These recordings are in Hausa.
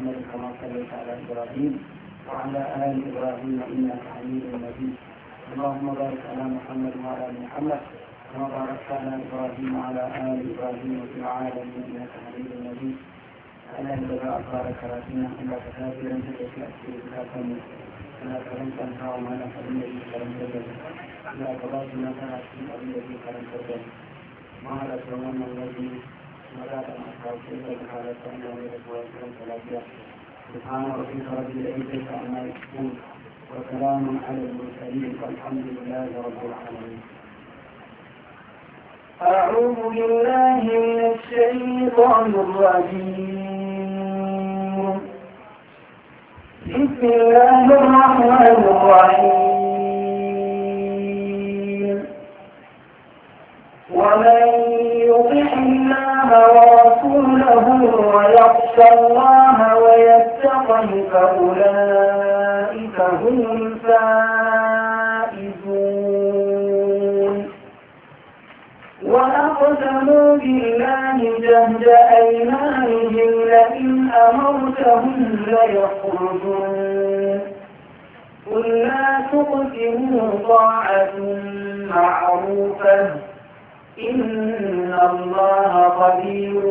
محمد كما صليت على إبراهيم وعلى آل إبراهيم إنك حميد مجيد اللهم بارك على محمد وعلى آل محمد كما باركت على إبراهيم وعلى آل إبراهيم في العالمين إنك حميد مجيد انا بلغ اقارك راسنا إلا كتابي لم تجد أسير بها فمي ألا كرمت أن ما أنا فمي الذي كرمت به ألا قضاء ما كانت في الذي كرمت به ما هذا كرمنا الذي سبحان ربك رب العزة عما يصفون وسلام على المرسلين والحمد لله رب العالمين أعوذ بالله من الشيطان الرجيم بسم الله الرحمن الرحيم ومن ربه ويخشى الله ويتقي فأولئك هم الفائزون وأقسموا بالله جهد أيمانهم لئن أمرتهم ليخرجون قل لا تقسموا طاعة معروفة إن الله قدير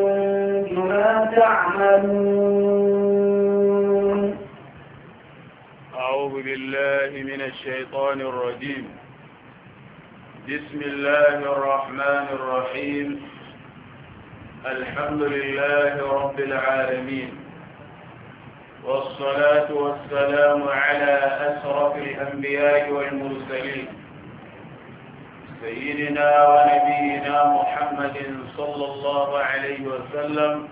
بما تعملون أعوذ بالله من الشيطان الرجيم بسم الله الرحمن الرحيم الحمد لله رب العالمين والصلاة والسلام على أسرف الأنبياء والمرسلين سيدنا ونبينا محمد صلى الله عليه وسلم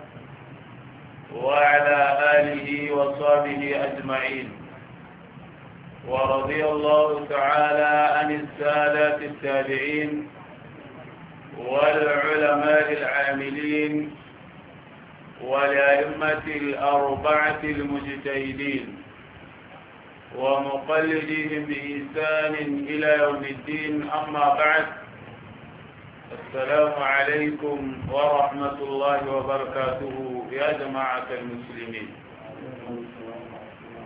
وعلى آله وصحبه أجمعين ورضي الله تعالى عن السادات التابعين والعلماء العاملين والأئمة الأربعة المجتهدين ومقلديهم بإنسان إلى يوم الدين أما بعد السلام عليكم ورحمة الله وبركاته يا جماعة المسلمين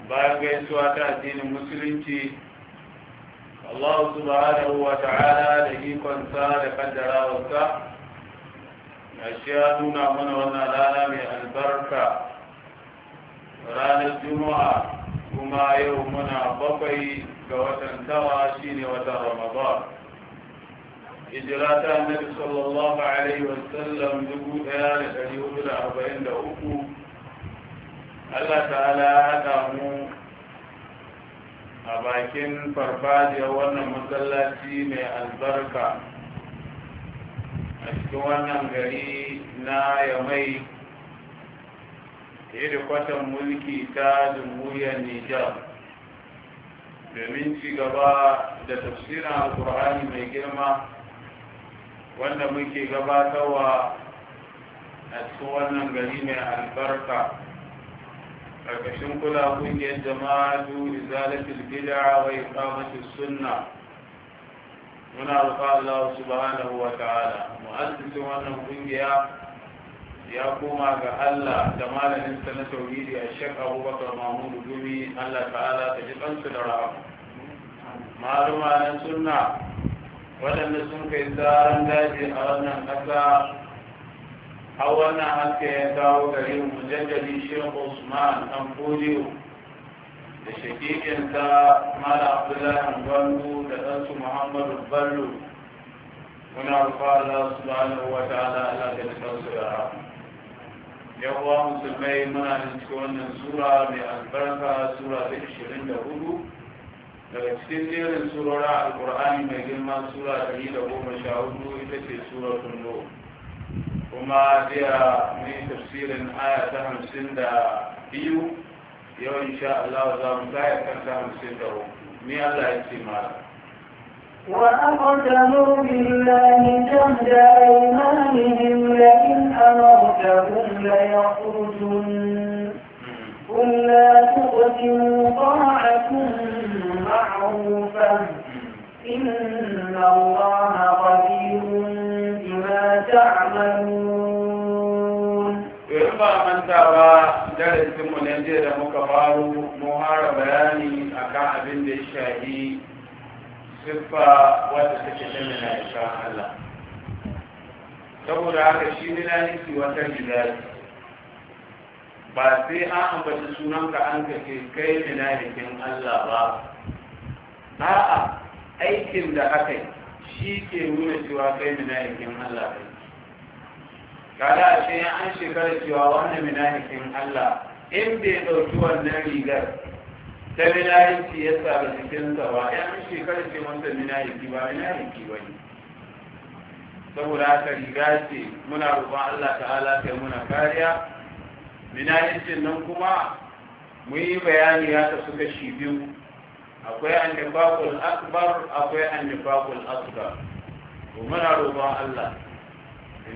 باقي سواك الدين المسلمين الله سبحانه وتعالى لهيكم سارة قدر وسا أشياءنا من ونا لانا من البركة رانا الجمعة kuma yau muna bakwai ga watan tara shine watan ramadan hijira ta annabi sallallahu alaihi wasallam dubu daya da dari hudu da arba'in da uku allah ta'ala ya haɗa mu a bakin farfajiyar wannan masallaci mai albarka a cikin wannan gari na yamai kwata mulki ta jamhuriyar nijar domin ci gaba da tafsirin alkur'ani mai girma wanda muke gabatarwa a cikin wannan gari mai albarka ƙarƙashin kula ƙungiyar jama'atu izalatul bid'a wa iqamatus sunna muna alfa'ala wasu ba'ana wata'ala ta'ala wannan ƙungiya ya koma ga Allah da malamin sa na tauhidi a Sheikh Abubakar Mahmud Gumi Allah ta'ala ta ji kansu da rahama maluma na sunna waɗanda sun kai tsaron daji a wannan ƙasa har wannan haske ya kawo gari mujallali Sheikh Usman dan Fodiyo da shakikinsa Mala Abdullahi Gwandu da ɗansu Muhammadu Bello muna rufa su subhanahu wata ta'ala Allah da kansu da rahama yawwa musulmai muna da cikin wannan sura mai albarka sura ta ishirin da hudu daga cikin jerin surora alkur'ani mai girma sura ɗari da goma sha hudu ita ce sura kullo kuma jiya mai tafsirin aya ta hamsin da biyu yau insha Allah za mu kaya kan ta hamsin da hudu ni Allah ya ce mara وأقسموا بالله جهد أيمانهم لئن أمرتهم ليخرجن قل لا تقسموا طاعة معروفة إن الله قدير بما تعملون إرفع أن ترى درس من ينجر كفار مهار بياني أكا الشهيد siffa wadda take ta mala'ikan Allah saboda haka shi ne na milaniki wata gizari ba sai an ambaci sunanka an kake kai ne na milalikin Allah ba a'a aikin da aka yi shi ke nuna cewa kai ne na milalikin Allah ba. kada a ce an shekara cewa wannan milalikin Allah in bai ɗauki wannan rigar ta minayanci ya sami jikinsa ba ya an shekara ce wanda minayanci ba minayanci ba ne saboda haka riga ce muna roƙon Allah ta'ala sai muna kariya minayancin nan kuma mu yi bayani ya ta suka shi biyu akwai annifaqul akbar akwai annifaqul asghar to muna roƙon Allah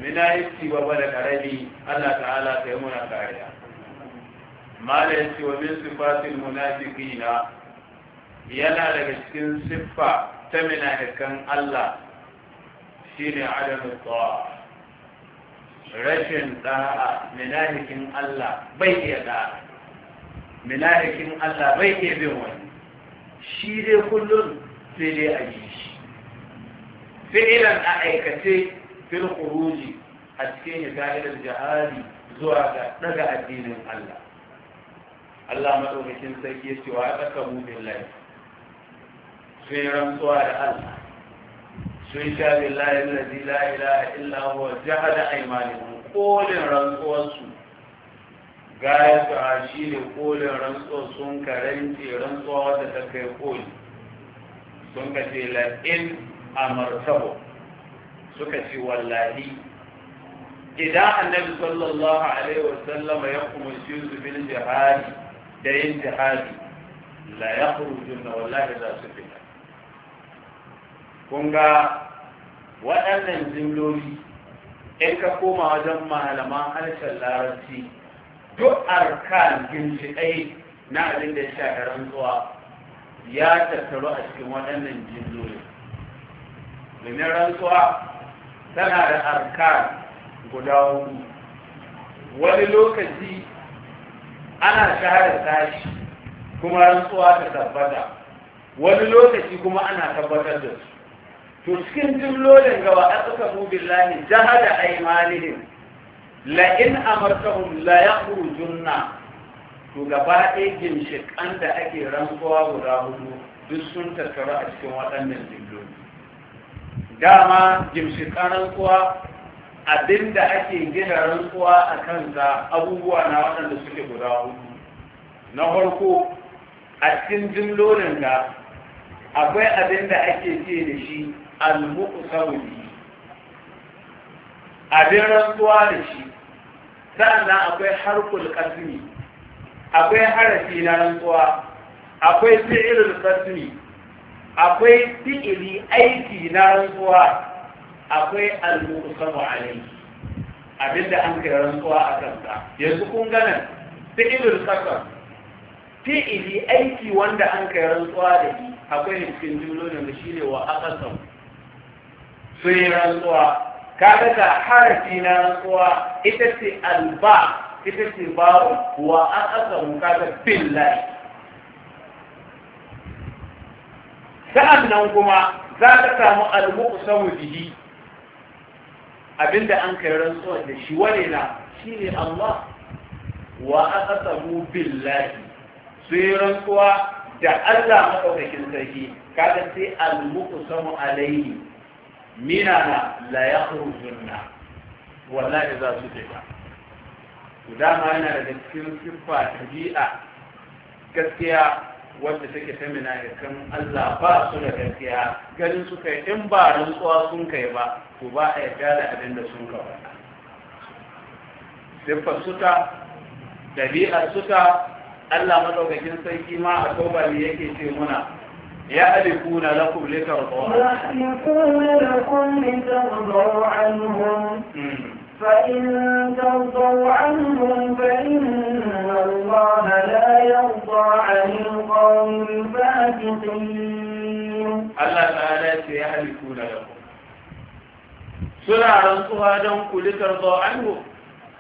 minayanci ba ba da karami Allah ta'ala sai muna kariya mala yace wa min sifatil munafiqina yana daga cikin siffa ta munafikan Allah shine adamu ta'a rashin da'a munafikin Allah bai iya da'a munafikin Allah bai iya bin wani shi dai kullum sai dai a yi shi fi'ilan a aikace fil khuruji a cikin hidayar jihadi zuwa ga daga addinin Allah Allah madaukakin sarki ya ce wa aka mu billahi sun yi rantsuwa da Allah sun sha billahi allazi la ilaha illa huwa jahada aymanihum kolin rantsuwar su gaya su a shi ne kolin rantsuwar sun karanci rantsuwa wadda ta kai koli sun ka ce la in amartabo suka ce wallahi idan annabi sallallahu alaihi wasallam ya kuma umarci su bin jihari. da yin jihadi la ya kurujin na wallahi za su fita Kunga waɗannan jimloli in ka koma wajen malaman harshen larabci duk arkan ginshiƙai na abin da ya shafi rantsuwa ya tattaru a cikin waɗannan jimloli domin rantsuwa tana da arkan guda hudu wani lokaci ana share tashi kuma rantsuwa ta tabbata wani lokaci kuma ana tabbatar da su to cikin jimlolin gaba a suka mu a jahada malihin la'in a amartahum layakuru yakhrujunna to gaba ɗaya ginshiƙan da ake rantsuwa guda hudu duk sun tattaru a cikin waɗannan jimloli dama ƙaran kuwa. abinda ake gina rantsuwa a kansa abubuwa na waɗanda suke guda hudu na harko, a cikin jimlonin da akwai abinda ake ce da shi al-muqsawli abin rantsuwa da shi sannan akwai harkul qasmi akwai harafi na rantsuwa akwai fi'ilul qasmi akwai fi'ili aiki na rantsuwa akwai al-muqsamu alayhi abinda an kai rantsuwa a kanta yanzu kun gana fi'ilul qasam fi'ili aiki wanda an kai rantsuwa da shi akwai nufin cikin jumlolin shi shine wa aqsam sai rantsuwa Ka ga harfi na rantsuwa ita ce alba ita ce babu wa aqsam kaga billahi sa'annan kuma za ka samu al-muqsamu bihi abinda an kai rantsuwa da shi wane na shine Allah wa aqsamu billahi yi rantsuwa da Allah madaukakin sarki kada sai al-muqsamu alaihi na la yakhrujunna wallahi za su fita dama yana daga cikin siffa tabi'a gaskiya wanda take ta kan Allah ba su da gaskiya ganin su yi in ba rantsuwa sun kai ba to ba a yarda da abin da sun kawo siffar suta ɗabi'ar suta Allah madaukakin sarki ma a tauba ne yake ce muna ya alikuna lakum litarḍu ya alikuna lakum litarḍu anhum hmm. فإن ترضوا عنهم فإن الله لا يرضى عن القوم الفاسقين الله تعالى سيهلكون لكم سرعا رنصها دمك لترضى عنه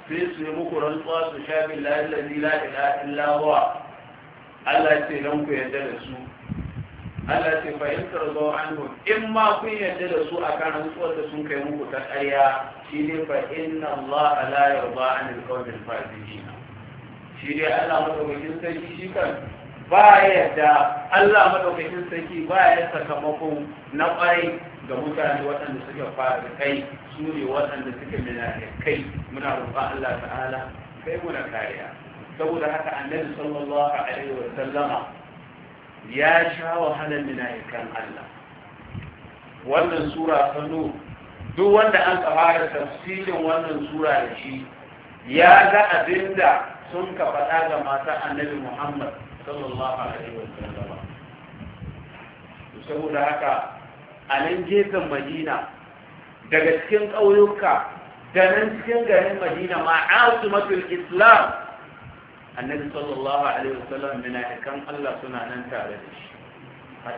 في سيمك رنصها سشاب الله الذي لا إله إلا هو الله سيهلكون يدرسون Allah ce fa in tarzo anhu in ma kun yarda da su akan rantsuwar da sun kai muku ta ƙarya shi ne fa inna Allah la yarda an al-qawm al-fasiqin shi dai Allah madaukakin sarki shi kan ba ya yarda Allah madaukakin sarki ba ya sakamako na ƙwarai ga mutane waɗanda suke fara kai su ne waɗanda suka mina kai muna roƙa Allah ta'ala kai muna kariya saboda haka annabi sallallahu alaihi wa sallama ya sha wahalar mina'ikan Allah wannan sura duk wanda an fara tafsirin wannan sura da shi ya ga abinda sun ka faɗa ga mata annabi Muhammad sallallahu alaihi wa sallam saboda haka a nan gefen Madina daga cikin ƙauyuka da nan cikin garin Madina ma'asu mafi Islam النبي صلى الله عليه وسلم من أحكام الله سنة أن تعرفش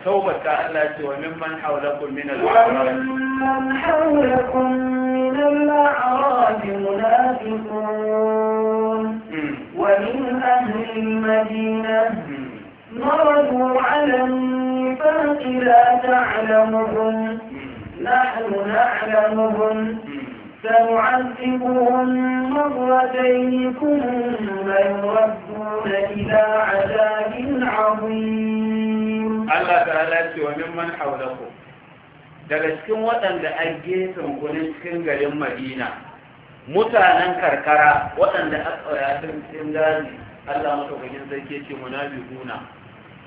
أتوبة تعالى سوى ممن حولكم من الأعراب ومن حولكم من الأعراب منافقون ومن أهل المدينة مرضوا على النفاق لا تعلمهم نحن نعلمهم سنعذبهم مرتين ثم يردون إلى عذاب عظيم الله تعالى من حولكم daga cikin waɗanda a gefen gudun cikin garin madina mutanen karkara waɗanda a tsayatun cikin gani allah matsaukakin sarki ce munafi guna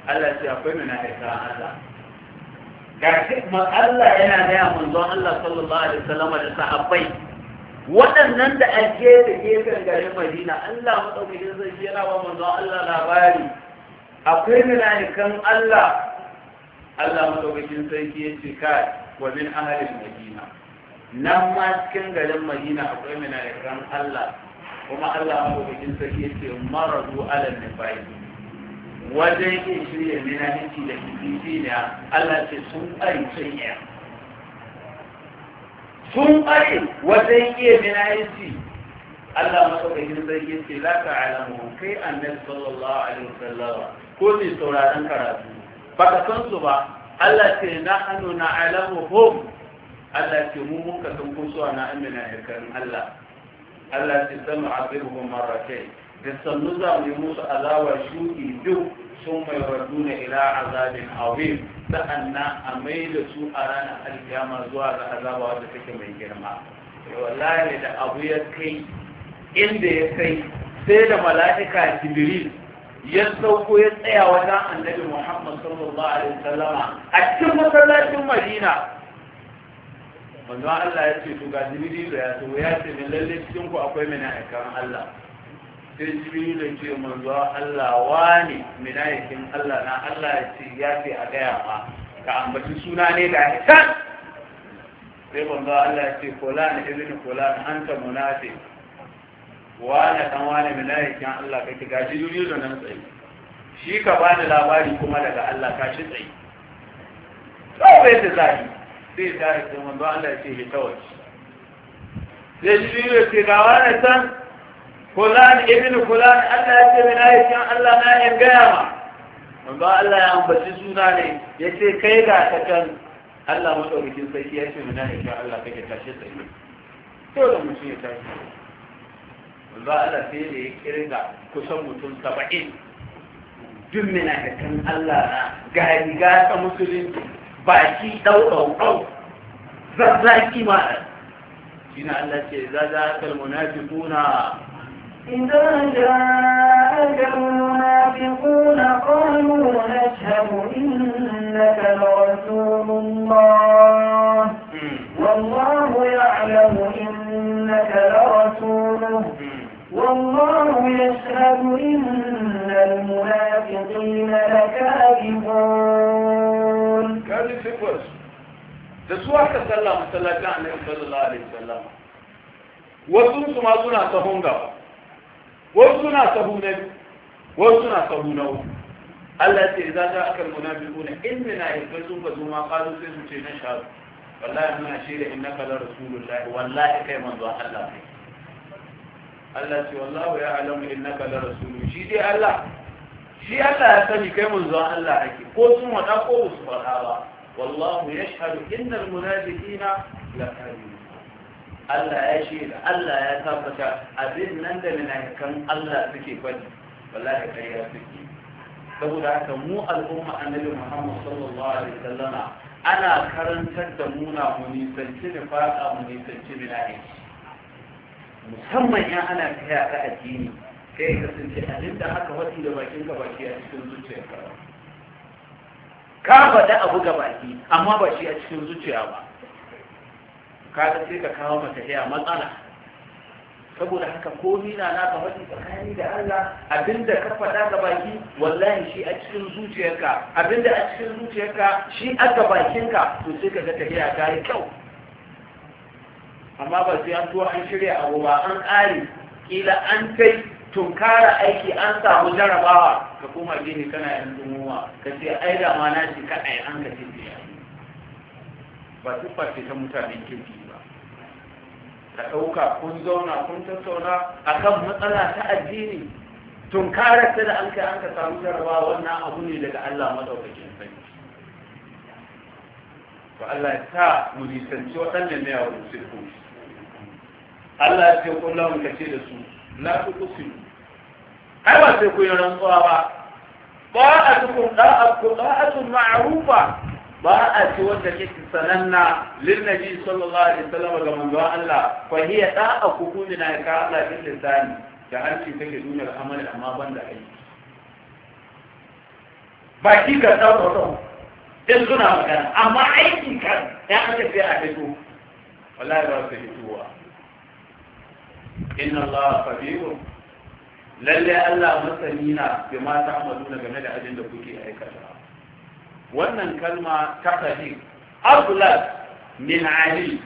allah ce akwai munafi haifar allah gashi Allah yana gaya manzon Allah sallallahu alaihi wasallam da sahabbai waɗannan da ake da gefen garin Madina Allah madaukakin zai yana ba manzon Allah labari akwai mulaikan Allah Allah madaukakin sarki ya ce kai wa min ahli Madina nan ma cikin garin Madina akwai mulaikan Allah kuma Allah madaukakin sarki ya ce maradu ala nifaqi wajen yin shirya minahinci da kifi da Allah ce sun ƙari sun iya sun ƙari wajen iya minahinci Allah matsaukakin sarki ce za ka alamu kai annabi sallallahu alaihi wasallam ko ne sauraron karatu ba ka san su ba Allah ce na hannu na alamu hom Allah ce mu ka san kusuwa na amina yarkarin Allah Allah ce sama abiruhum marrakai da sannu za mu yi musu azaba shuɗi duk sun mai radu na ila azabin awim sa'annan a mai da su a ranar alkiyama zuwa ga azaba wadda take mai girma wallahi da abu ya kai inda ya kai sai da mala'ika jibril ya sauko ya tsaya wajen annabi muhammad sallallahu alaihi wasallama a cikin masallacin madina manzo Allah ya ce to ga jibril ya to ya ce min lalle cikin ku akwai mai akan Allah sai jibrilu ce manzo Allah wani minayakin Allah na Allah ya ce ya ce a gaya ma ka ambaci suna ne da hitan sai manzo Allah ya ce fulan ibn fulan anta na wani dan wani minayakin Allah kake gashi jibrilu nan tsaye shi ka ba da labari kuma daga Allah ka shi tsaye bai ta zai sai ta sai manzo Allah ya ce hitawai sai jibrilu ce ga wani san fulan ibn fulan Allah ya ce mina yake Allah na yin gaya ma manzo Allah ya ambaci suna ne yace kai ga ta kan Allah madaukakin sarki ya ce mina yake Allah kake tashi tsaye to da mutum ya tashi manzo Allah sai da ya kirga kusan mutum 70 duk mina da kan Allah na Gari ga ta musulunci baki dau dau dau zazzaki ma shi na Allah ce za za kal munafiquna إذا جاءك المنافقون قالوا نشهد إنك لرسول الله والله يعلم إنك لرسوله والله يشهد إن المنافقين لكاذبون كاذب في قرش تسوى كسلام سلاكان صلى الله عليه وسلم وسوس ما زنا تهون wasu suna sahu na biyu wasu suna sahu na uku Allah ce za ta akal munafiquna inna yaqulu sun bazu ma qalu sai su ce na shahadu wallahi muna shaida innaka la rasulullahi wallahi kai manzo Allah kai Allah ce wallahu ya alamu innaka la rasulu shi dai Allah shi Allah ya sani kai mun zuwa Allah ake ko sun wada ko su fada ba wallahu yashhadu innal munafiqina la kadhib Allah ya shi Allah ya tabbata abin nan da munafikan Allah suke faɗi wallahi ƙarya suke saboda haka mu al'umma annabi Muhammad sallallahu alaihi wasallama ana karantar da muna mu nisanci da fara mu ni nisanci munafiki musamman 'yan ana ta yaɗa addini sai ka sun ce abin da haka wasu da bakin ka baki a cikin zuciya ka faɗa abu ga baki amma ba shi a cikin zuciya ba Kada sai ka kawo mata ya matsala saboda haka ko nina na ka faɗi tsakani da Allah abinda ka faɗa ga baki wallahi shi a cikin zuciyarka abinda a cikin zuciyarka shi a ga bakinka to sai ka ga tafiya ta yi kyau amma ba sai an tuwa an shirya abu ba an ƙare kila an kai tunkara aiki an samu jarabawa ka koma gini kana yan dumuwa ka ce ai da ma na shi kaɗai an ka ce ba su ce ta mutanen kirki ka ɗauka kun zauna kun tattauna akan matsala ta addini tun karasta da an kai an ka samu jarabawa wannan abu ne daga Allah madaukakin sani. to Allah ta sa mu nisanci waɗannan ne a wurin Allah ya ce kullum mun kace da su la tuqsimu ai ba sai ku yi rantsuwa ba ba a tukun da'atun ma'rufa ba a ce wanda ke sananna lirnabi sallallahu alaihi wasallam ga manzo Allah fa hiya ta a kukuni na ka Allah bil lisani da harshe take duniyar amali amma ban da aiki baki ga tsaro in suna magana amma aiki ka ya kace sai a fito wallahi ba sai fitowa inna Allah khabirun lalle Allah masanina bi ma ta'maluna game da ajin da kuke aikata wannan kalma ta kabir abdullahi min ali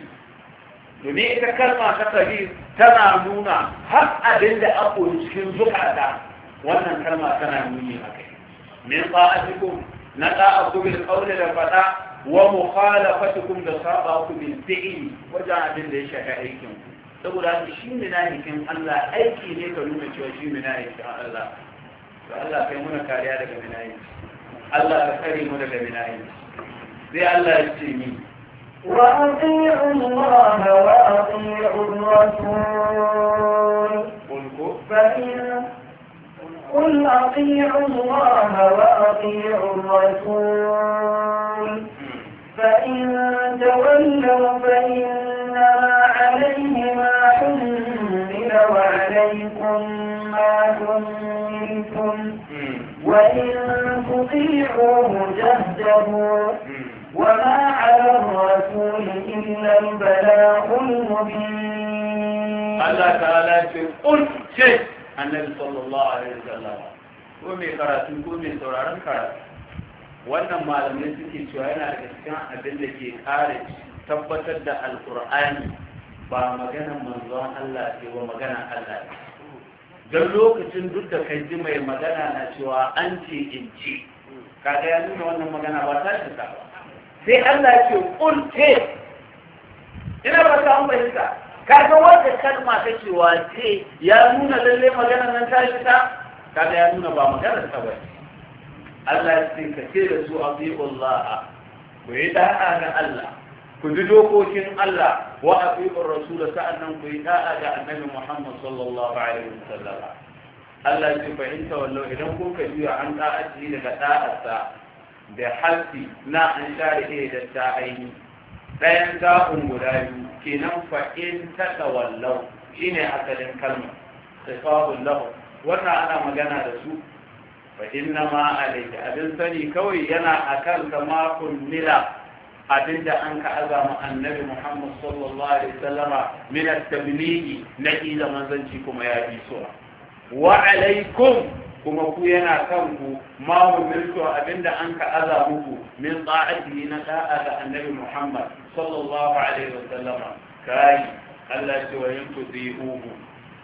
domin ita kalma ta kabir tana nuna har abin da ako cikin zukata wannan kalma tana nuni a kai min ta'atikum na ta'aku bil qawli da fada wa mukhalafatukum da sabaku bil fi'li wajen abin da ya shafi aikin ku saboda haka shi minahikin Allah aiki ne ka nuna cewa shi minahikin Allah to Allah kai muna kariya daga minahikin Allah ka kare mu daga وأطيعوا الله وأطيعوا الرسول فإن قل أطيعوا الله وأطيعوا الرسول فإن تولوا فإنما عليه ما حمل وعليكم ما حملتم وإن تطيعوه تهتدوا وما على الرسول إلا البلاغ المبين الله تعالى قل شيء النبي صلى الله عليه وسلم ومي قراتun ko mai sauraron karatu wannan malamai suke cewa yana da cikin abin da ke kare tabbatar da alkur'ani ba maganan manzon Allah ce ba maganan Allah ne don lokacin duk da kai ji mai magana na cewa an ce in ce kaga ya nuna wannan magana ba ta shi ba sai Allah ya ce kul ce ina ba ta an fahimta kaga wanda kalma ta cewa ce ya nuna lalle magana nan ta shi ta kaga ya nuna ba magana ta ba Allah ya ce ka ce da su abi'ullah ku yi da'a ga Allah ku ji dokokin Allah wa atiqur rasul nan ku yi da'a da annabi Muhammad sallallahu alaihi wasallam Allah ya fahimta wallahu idan kun ka juya an da'a ji daga da'arsa da halsi na an share da ta aini ɗayan zaɓin guda biyu kenan fa in ta tawallau shine asalin kalma sifahun lahu wannan ana magana da su fa inna ma abin sani kawai yana a akan makon nila. abinda an ka azama annabi Muhammad sallallahu alaihi wasallama min at-tablighi na ila manzanci kuma ya bi suwa wa alaikum kuma ku yana kan ku ma umirtu abinda an ka aza muku min ta'ati na da'a ga annabi Muhammad sallallahu alaihi wasallama kai Allah ce wa yanku zihuhu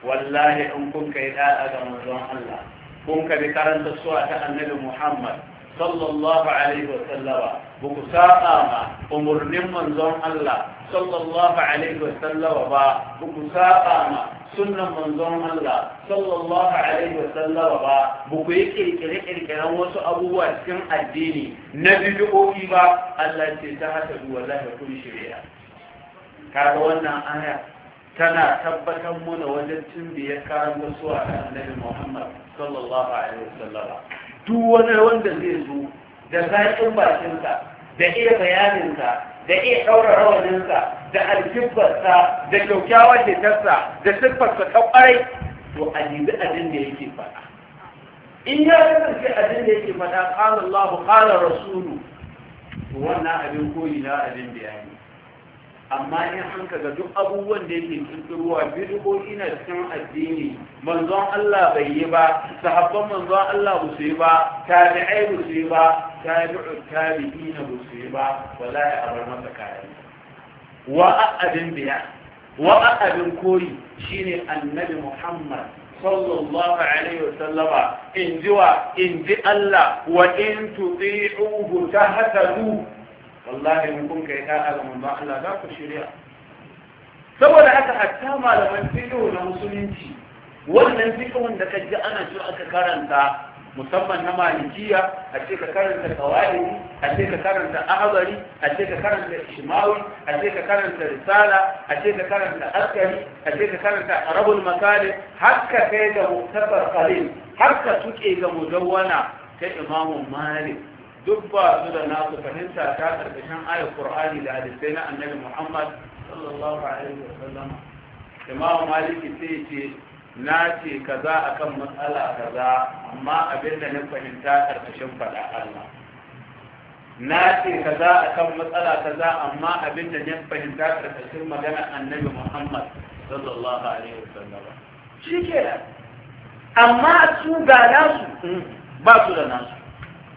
wallahi an kun kai da'a ga manzon Allah kun ka bi karanta suwa ta annabi Muhammad sallallahu alaihi wa sallama ba ku saba ma umurnin manzon Allah sallallahu alaihi wa sallama ba ba ku saba ma sunnan manzon Allah sallallahu alaihi wa sallama ba ba ku yi kirkire kirkiren wasu abubuwa cikin addini na bid'o'i ba Allah ce ta haka duwa za ka kun shirya kaga wannan aya tana tabbatar mana wajen tun da ya karanto su a annabi Muhammad sallallahu alaihi wasallam duk wani wanda zai zo da zaƙin bakinsa da iya bayaninsa da iya ɗaura rawaninsa da alkibbarsa da kyaukyawar hitarsa da siffarsa ta ƙwarai to a nemi abin da yake faɗa in ya kasance abin da yake faɗa ƙala Allah ƙala Rasulu to wannan abin koyi na abin da ya yi amma in an kaga duk abubuwan da yake tunturuwa bid'o'i ina cikin addini manzon Allah bai yi ba sahabban manzon Allah ba su yi ba tabi'ai ba su yi ba tabi'u tabi'ina ba su yi ba wallahi a bar masa kayan wa abin biya wa abin koyi shine annabi Muhammad sallallahu alaihi wasallama in ji in ji Allah wa in tuti'uhu tahtadu wallahi mun kun kai da'a ga manzon Allah za ku shirya saboda haka hatta malaman fiqh na musulunci wannan fiqhun da ji ana so aka karanta musamman na malikiya a ce ka karanta qawaidi a ce ka karanta ahzari a ce ka karanta ishmawi a ce ka karanta risala a ce ka karanta askari a ce ka karanta arabul makali har ka kai ga mutabar qalil har ka tuke ga mudawwana ta imamu malik duk ba su da nasu fahimta ta karkashin ayar qur'ani da hadisai na annabi muhammad sallallahu alaihi wa wasallam imamu maliki sai ce na ce kaza akan matsala kaza amma abin da na fahimta karkashin faɗa allah na ce kaza akan matsala kaza amma abin da na fahimta karkashin magana annabi muhammad sallallahu alaihi wa wasallam shi ke amma su ga nasu ba su da nasu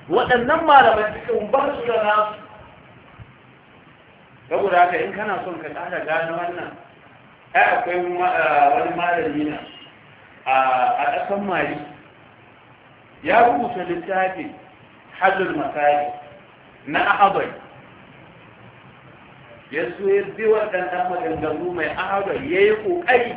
waɗannan malaman cikin bar su da nasu saboda haka in kana son ka ƙara gane wannan ai akwai wani malami na a ƙasan mari ya rubuta littafin hajjul masari na ahabai ya so ya bi ɗan maganganu mai ahabai ya yi ƙoƙari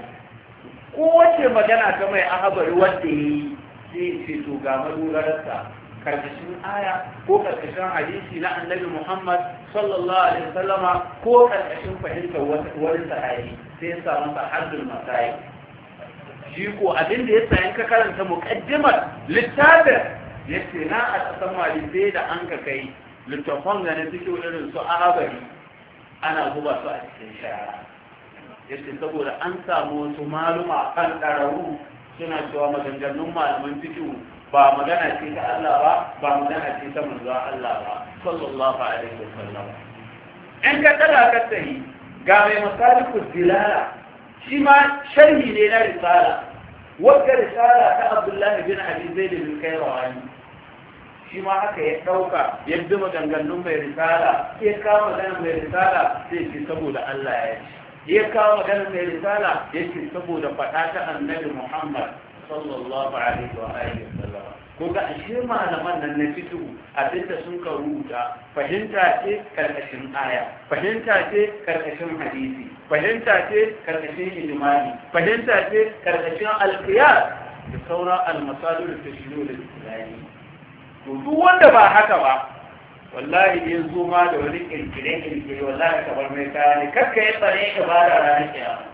Ko wace magana ta mai ahabai wanda ya yi sai ce to ga madogararsa karkashin aya ko karkashin hadisi na annabi Muhammad sallallahu alaihi wasallama ko karkashin fahimtar wani sahabi sai ya samu sahadul masayi shi ko abin da ya sayan ka karanta muƙaddimar littafin yace na a tsasan sai da an ka kai littafin ganin na cikin irin su ahabari ana zuba su a cikin shara ce saboda an samu wasu maluma kan ɗararru suna cewa maganganun malaman fikihu ba magana ce ta Allah ba ba magana ce ta manzo Allah ba sallallahu alaihi wasallam in ka tsara ka tsayi ga mai masaliku dilala shi ma sharhi ne na risala wanda risala ta Abdullahi bin Abi Zaid bin Kairawani shi ma haka ya dauka yadda maganganun mai risala ya kama magana mai risala sai ce saboda Allah ya ce ya kawo magana mai risala ya ce saboda faɗa ta annabi Muhammad sallallahu alaihi wa alihi wasallam ko ga ashe malaman nan na fitu abinda sun ka rubuta fahimta ce karkashin aya fahimta ce karkashin hadisi fahimta ce karkashin ijmani fahimta ce karkashin alqiyas da sauran almasalul tashlul islami to duk wanda ba haka ba wallahi ya zo ma da wani kirkire kirkire wallahi ka bar mai kaya ne kakka ya tsare ka ba da ranar kiyama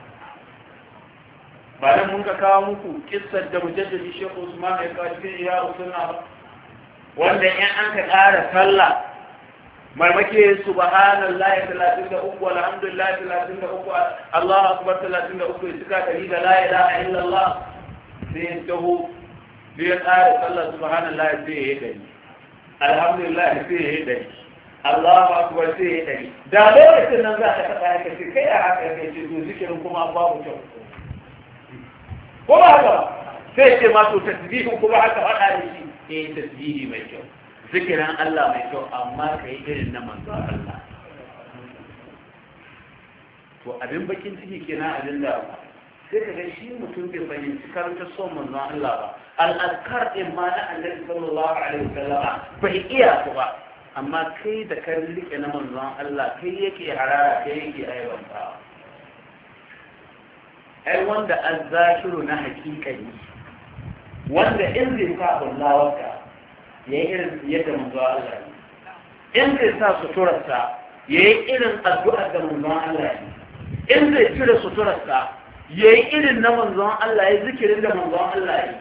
ba nan mun ka kawo muku kissar da mujaddadi Sheikh Usman ya kawo cikin iya usulna ba wanda in an ka ƙara sallah marmake subhanallahi 33 walhamdulillahi 33 Allahu akbar 33 suka kari da la ilaha illallah sai taho sai ya ƙara sallah subhanallahi sai ya yi alhamdulillahi sai ya yi Allahu akbar sai ya yi da lokacin nan za ka taɓa ya kace kai a haka kai ce to zikirin kuma babu kyau ko ba haka ba. sai ce ma to ko ba haka faɗa ne shi eh tasbihi mai kyau zikirin Allah mai kyau amma ka irin na manzo Allah to abin bakin ciki kenan abin da sai ka ga shi mutum bai fahimci karanta son manzo Allah ba al'adkar din ma na annabi sallallahu alaihi wasallama bai iya su ba amma kai da kan rike na manzon Allah kai yake harara kai yake aibanta ai wanda an zakiru na ne, wanda in zai sa bullawarka ya yi irin yadda zuwa Allah ne in zai sa suturarsa ya yi irin addu'ar da zuwa Allah ne in zai cire suturarsa ya yi irin na zuwa Allah ya zikirin da zuwa Allah ne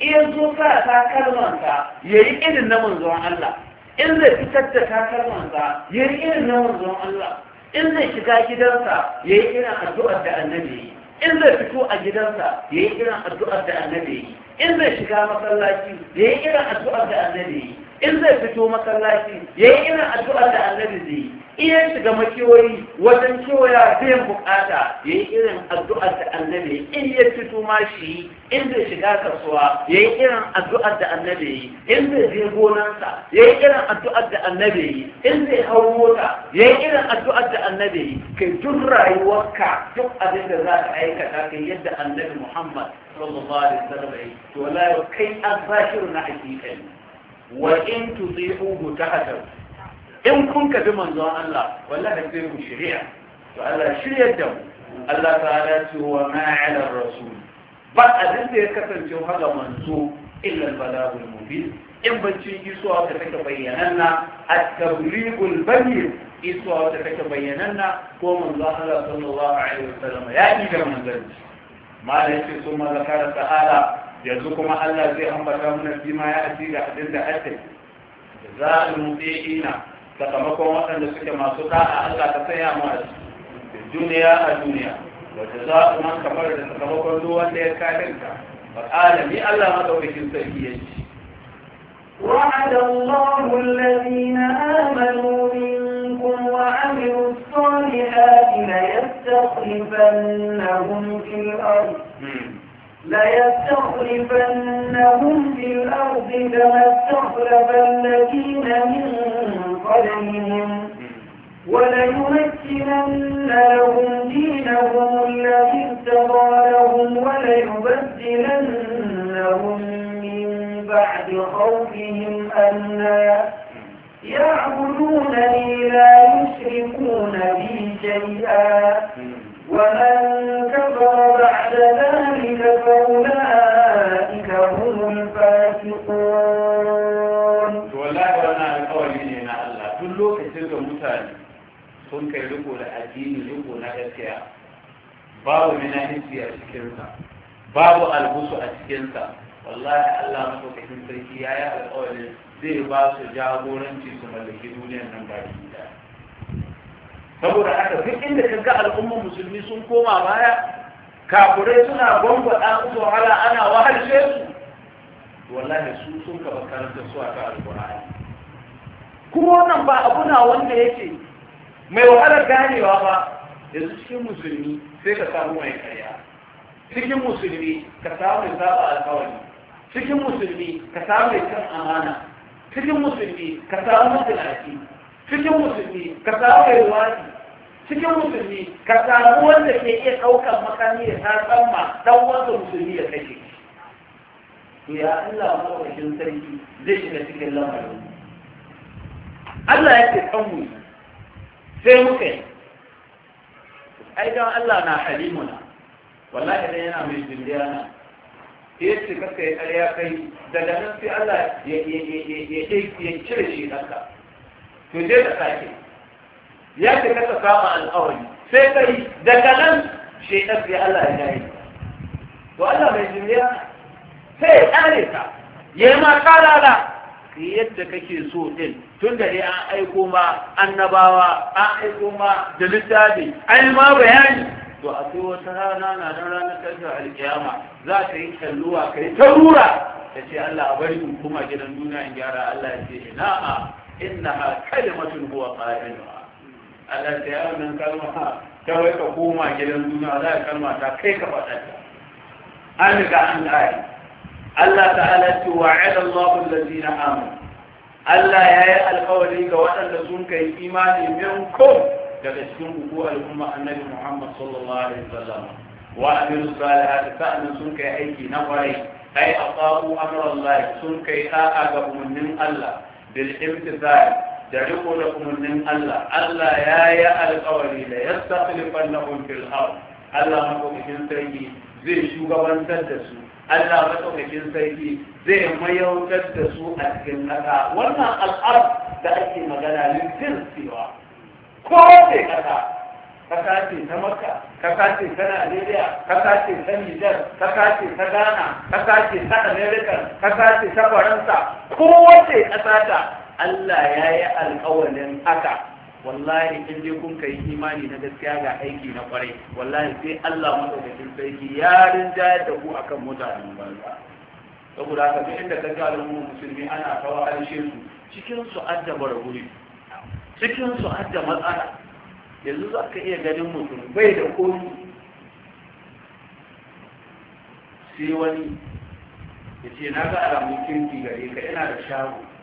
in zo sa takalmansa ya yi irin na zuwa Allah in zai fitar da takalmansa ya yi irin na zuwa Allah in zai shiga gidansa ya yi irin addu'ar da annabi in zai fito a gidansa ya yi irin addu'ar da annabi yi in zai shiga masallaci ya yi irin addu'ar da annabi yi in zai fito masallaci ya yi irin addu'ar da annabi zai yi in ya shiga makiyoyi wajen kiwaya biyan bukata ya yi irin addu'ar da annabi in ya fito ma shi in zai shiga kasuwa ya yi irin addu'ar da annabi in zai je gonansa ya yi irin addu'ar da annabi in zai hau mota ya yi irin addu'ar da annabi yi kai duk rayuwarka duk abin da za ka aikata kai yadda annabi muhammad sallallahu alaihi wasallam yi to la kai an bashiru na hakika ne wa in tusi'uhu tahtaw in kun kafi manzon Allah wallahi sai ku shari'a to Allah shiryar da mu Allah ta'ala ce wa ma 'ala rasul ba abin da ya kasance haka manzo illa al-balagul mubin in bancin isuwa ta take bayyananna at-tablighul bayyin isuwa ta take bayyananna ko manzo Allah sallallahu alaihi wasallam ya yi da manzon malai ce sun mazakara ta'ala yanzu kuma Allah zai ambata mana fi ma ya ati da hadin da ake za a mutse ina sakamakon waɗanda suke masu da'a Allah ta saya mu a duniya a duniya wata za a man kamar da sakamakon duk wanda ya kalinta wa alami Allah madaukakin sarki ya ce وعد الله الذين آمنوا منكم وعملوا الصالحات ليستخلفنهم في الأرض ليستخلفنهم في الأرض كما استخلف الذين من قبلهم وليمكنن لهم دينهم الذي ارتضى لهم وليبدلنهم من بعد خوفهم أن يعبدونني لا يشركون بي شيئا ومن كفر بعد ذلك فأولئك هم الفاسقون sun kai riko da addini riko na gaskiya babu minahisi a cikinsa babu albusu a cikinsa wallahi Allah madaukakin sarki ya yi alƙawarin zai ba su jagoranci su mallaki duniyar nan baki daya saboda haka duk inda ka ga al'ummar musulmi sun koma baya kafurai suna gwangwada su wahala ana wahalshe su wallahi su sun gaba karanta su a kan alƙur'ani kuma wannan ba abu na wanda yake mai wahalar ganewa ba yanzu cikin musulmi sai ka samu mai karya cikin musulmi ka samu mai saba alƙawari cikin musulmi ka samu mai kan amana cikin musulmi ka samu mutunaki cikin musulmi ka samu mai wani cikin musulmi ka samu wanda ke iya ɗaukar makami da ta tsamma ɗan wanda musulmi ya kai shi. ya Allah maɗaukakin sarki zai shiga cikin lamarin Allah ya ce kanmu sai muka yi ai don Allah na halimuna wallahi idan yana mai jindiya na ya ce kaka ya ƙarya kai daga nan sai Allah ya cire shi ɗanka to je da sake ya ce kasa saba alƙawari sai kai daga nan shaidan sai Allah ya yi. to Allah mai juriya sai ya kare ka ya ma karara yadda kake so din tun da an aiko ma annabawa an aiko ma da littafi an ma bayani to a sai wata rana na dan ranar tashin alkiyama za ka yi kalluwa ka yi ta rura ta ce Allah a bari in gidan duniya in gyara Allah ya ce ina a inna ha kalimatun huwa qa'iluha Allah ta yi nan kalma ta wai ka koma gidan duniya za a kalma ta kai ka faɗa ta an riga an ƙari Allah ta'ala ce wa ala da zina amanu Allah ya yi alkawari ga waɗanda sun kai imani min ko daga cikin uku al'umma annabi Muhammad sallallahu alaihi wasallam wa amiru salihati sa'an sun kai aiki na kwarai ai aqabu amra Allah sun kai ta'a ga umarnin Allah bil imtithal da riko da umarnin Allah Allah ya yi alkawari da ya stakhlifan na fil ard Allah madaukakin sarki zai shugabantar da su Allah madaukakin sarki zai mayautar da su a cikin ƙasa wannan al'ar da ake magana lintin cewa ko ce ƙasa kasa ce ta Makka, kasa ce ta Najeriya, kasa ce ta Nijar, kasa ce ta Ghana, kasa ce ta Amerika, kasa ce ta Faransa, kowace kasa ta Allah ya yi alƙawarin haka wallahi in dai kun kai imani na gaskiya ga aiki na kwarai wallahi sai Allah madaukakin sarki ya rinja da ku akan mutanen banza saboda haka duk inda kaga al'ummar musulmi ana kawo harshe su cikin su adda baraguri cikin su adda matsala yanzu za ka iya ganin mutum bai da komi sai wani ya ce na ga alamun kirki gare ka ina da shago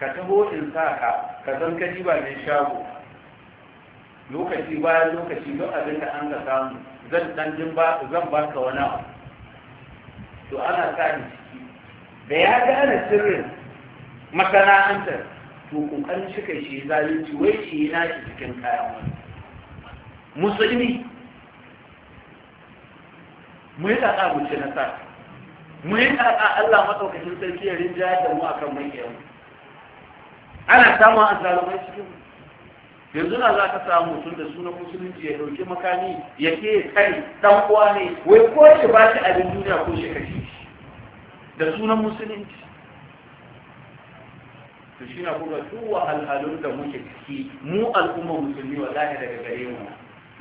ka taho in sa ka ka san ka ba mai shago lokaci bayan lokaci duk abin da an ga samu zan dan jin ba zan ba ka wani abu to ana sa ni ciki da ya ga ana sirrin masana'antar to kokarin shi kai shi zalunci wai shi yana shi cikin kayan wani musulmi mu yi tsaka mu ci sa, mu yi tsaka Allah madaukakin sarki ya rinjaya da mu akan mai yawon ana samun azalumai cikin yanzu na za ka samu tun da suna musulunci ya dauki makami ya ke kai ɗan uwa ne wai ko shi ba shi abin duniya ko shi kashe shi da sunan musulunci to shi na kuma duk wahalhalun da muke ciki mu al'umma musulmi wallahi daga gare mu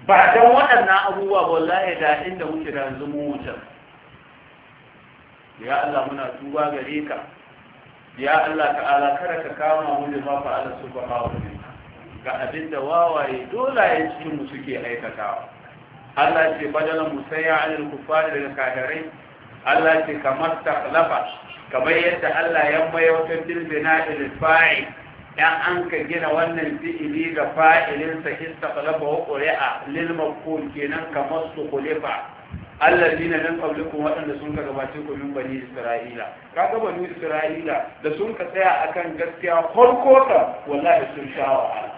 ba don waɗannan abubuwa ba wallahi da inda muke da yanzu mu wuta ya Allah muna tuba gare ka ya Allah ta'ala kada ka kama mu da mafa ala sufa ga abin da wawaye dolaye cikin mu suke aikatawa Allah ce badalan musayya anil kufari daga kafirai Allah ce kamar taklafa kamar yadda Allah ya maye wata bilbina da fai dan an ka gina wannan fi'ili ga fa'ilinsa istaqlafa wa quri'a lil maf'ul kenan kamar su kulifa allazina min qablikum waɗanda sun ka gabace ku min bani isra'ila kaga bani isra'ila da sun ka tsaya akan gaskiya farko ka wallahi sun sha wahala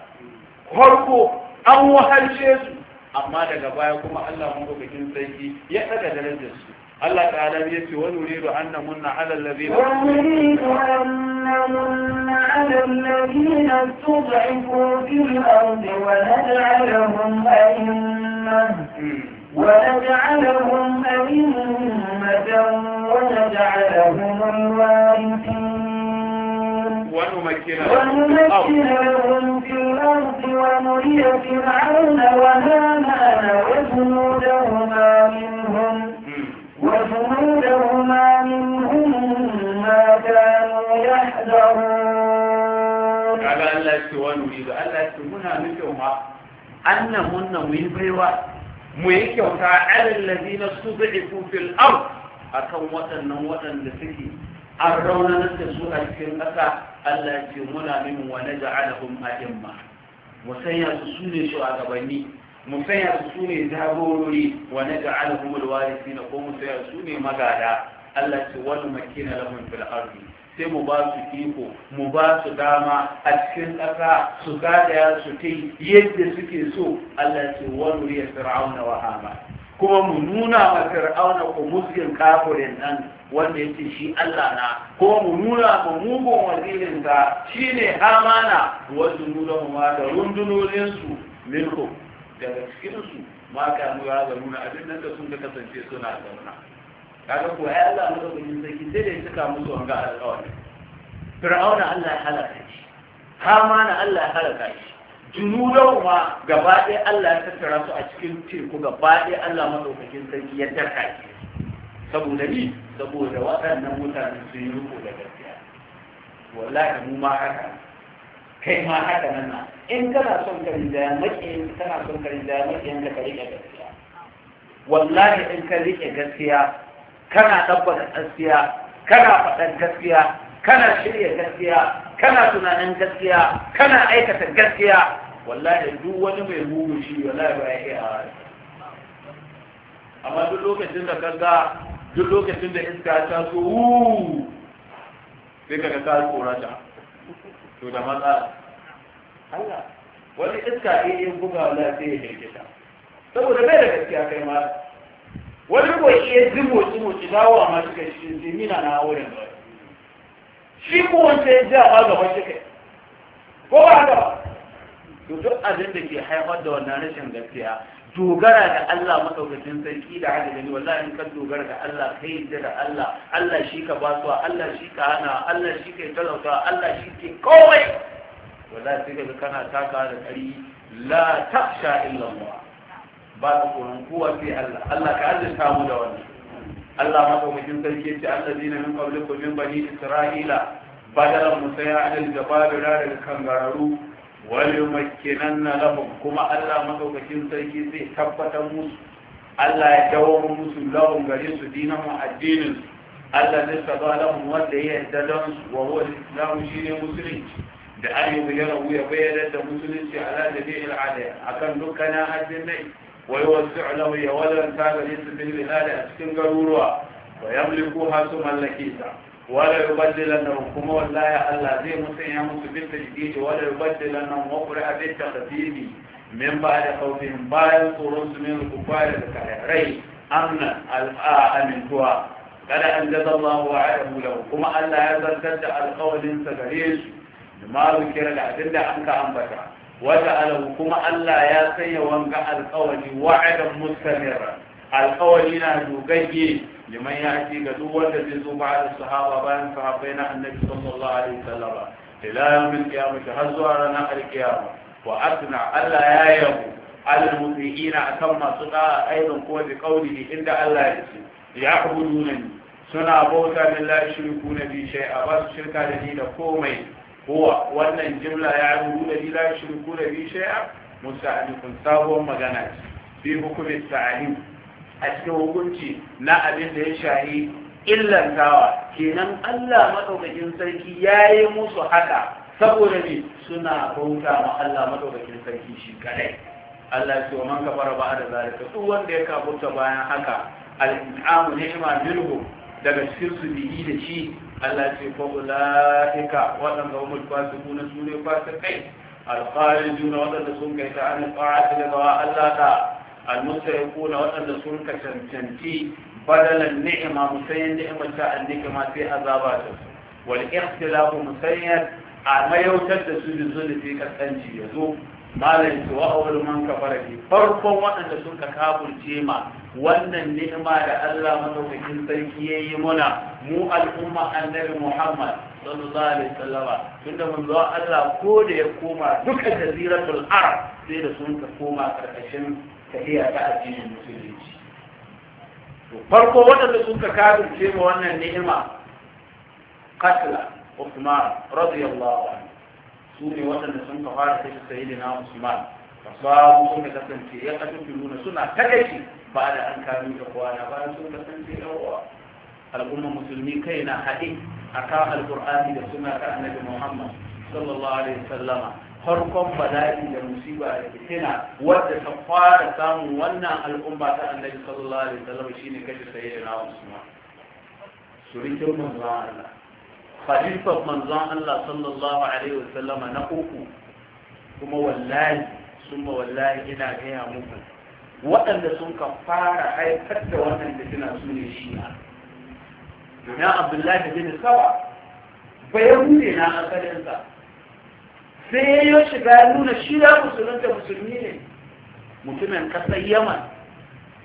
farko an wahalce su amma daga baya kuma Allah mabukakin sarki ya daga darajar su Allah ta'ala ya ce wa nuridu anna munna ala allazina wa nuridu anna munna ala allazina tud'ifu fil ardi wa naj'alahum a'immah ونجعلهم أئمة ونجعلهم الوارثين ونمكن لهم في الأرض ونري فرعون وهامان وجنودهما منهم وجنودهما منهم ما كانوا يحذرون على أن لا يستوانوا إذا أن لا يستوانوا منكم أنهن من بيوات mu yi kyauta alal ladina subiqu fil ard akan waɗannan waɗanda suke an raunanar da su a cikin ƙasa Allah ce muna min wa naj'alahum a'imma mu sanya su su ne a gabanni. mu sanya su su sune jagorori wa naj'alahum alwarisina ko mu sanya su ne magada Allah ce wal makina lahum fil ardi sai mu ba su iko mu ba su dama a cikin ƙasa su gadaya su ta yadda suke so Allah ce wani ya fir'auna wa hama kuma mu nuna wa fir'auna ko muslim kafirin nan wanda yake shi Allah na ko mu nuna ma mugun wazirin ka shine hamana wasu nuna mu ma da rundunoninsu su daga cikinsu su ma kanu ya nuna. abin nan da sun ga kasance suna zauna kaga ko ai Allah ya rubuta sarki sai da ya saka musu wanga alƙawari fir'auna Allah ya halaka shi hamana Allah ya halaka shi junudan ma gaba ɗaya Allah ya tattara su a cikin teku gaba ɗaya Allah madaukakin sarki ya tarka shi saboda ni saboda waɗannan mutane sun yi riko da gaskiya wallahi mu ma haka kai ma haka nan na in kana son ka rinjaya maƙiyin kana son ka rinjaya maki in ka riƙe gaskiya wallahi in ka riƙe gaskiya kana ɗabbaka gaskiya kana faɗan gaskiya kana shirya gaskiya kana tunanin gaskiya kana aikata gaskiya wallahi duk wani mai mugu shi wallahi ba ya iya amma duk lokacin da kaga duk lokacin da iska ta so wuu sai kaga ka tsora ta to da matsala Allah wani iska in buga wallahi sai ya jirgita saboda bai da gaskiya kai ma wani ko iya zubo zubo ci dawo a masu kai shi zimina na wurin ba shi ko wanda ya ja a gaban shi kai ko ba haka ba to duk abin da ke haifar da wannan rashin gaskiya dogara ga Allah madaukakin sarki da hada gani wallahi in ka dogara ga Allah kai da da Allah Allah shi ka basuwa Allah shi ka hana Allah shi ka talauta Allah shi ke komai wallahi sai ka kana taka da kari la taksha illa Allah ba su tsoron kowa sai Allah Allah ka azurta mu da wani. Allah madaukakin sarki ya ce allazina min qablikum min bani isra'ila badalan musaya adal jabaru daga wani makinan na lahum kuma Allah madaukakin sarki zai tabbatar musu Allah ya dawo musu lahum gare su dinahu addinin Allah ne saba lahum wanda ya yarda don wa wani al-islamu shine musulunci da an yi bayyana ya bayyana da musulunci ala dabi'il adaya akan dukkan addinai wai wasu alawai ya wajen tada ne su bilbi na da a cikin garuruwa wa yamliku hasu mallake ta wala yubaddila na kuma wallahi Allah zai mutun ya mutu bin ta jiji wala yubaddila na wa qura abid ta tabibi min ba ya turun su min ku ba da kai amna al amin tuwa kada an jaza Allah wa alahu lahu kuma Allah ya zartar da alqawlin sa gare shi ma zikira da abinda an ka ambata وجعله كما ألا ياسي وانقع القول وعدا مستمرا القول لا يقيه لمن يأتي قدوة جزو بعد الصحابة بان فعبينا النبي صلى الله عليه وسلم إلى يوم القيامة شهزوا على نهر القيامة وأثنى ألا يايبوا على المطيئين أتم صداء أيضا قوة بقوله عند الله يسي يعبدونني سنة بوتا من لا يشركون بي شيئا بس شركة لدينا كومي Kowa wannan jimla ya abu da ila shirku da bi shay'a musta'anikun sabuwar magana ce bi hukumin ta'alim a cikin hukunci na abin da ya shahi illantawa kenan Allah madaukakin sarki yayi musu haka saboda ne suna bauta ma Allah madaukakin sarki shi kadai Allah ya ce wa man kafara ba da zalika duk wanda ya kabuta bayan haka al-in'amu ni'ma minhu daga cikin su bihi da shi Allah ce fa ulaika waɗanda humul fasiquna su ne fasikai juna waɗanda sun kai ta an ta'ati da wa Allah ta almustaiquna waɗanda sun ka cancanci badalan ni'ima musayyan ni'imar ta annike ma sai azaba ta wal ikhtilafu musayyan a mayautar da su da bi zulufi kaskanci yazo malam su wa awwal man kafara farkon waɗanda sun ka kafurce ma wannan ni'ima da Allah madaukakin sarki yayi muna mu al'umma annabi Muhammad sallallahu alaihi wasallam tunda mun zo Allah ko da ya koma duka jaziratul arab sai da sun ka koma karkashin tahiya ta addinin musulunci to farko wadanda sun ka kafirce mu wannan ni'ima qatla Uthman radiyallahu anhu su ne wadanda sun ka fara kashe sayyidina Uthman fasahu sun ka kasance ya kashe nuna suna ta kashe بعد أن كانوا إخوانا بعد سورة أنت أوى الأمة المسلمين Alkur'ani da suna القرآن لسنة النبي محمد صلى الله عليه وسلم farkon bala'i da musiba da fitina wadda ta fara samun wannan al'umma ta annabi sallallahu alaihi wasallam shine kashe sayyidina Usman surikin manzon Allah khalifar manzon Allah sallallahu alaihi wasallam na uku kuma wallahi summa wallahi ina gaya muku waɗanda sun ka fara haifar da wannan da suna suna shi na. domin abdullahi bin sawa bayan rune na asalinsa sai ya shiga nuna shi da musulunta musulmi ne mutumin ƙasar yaman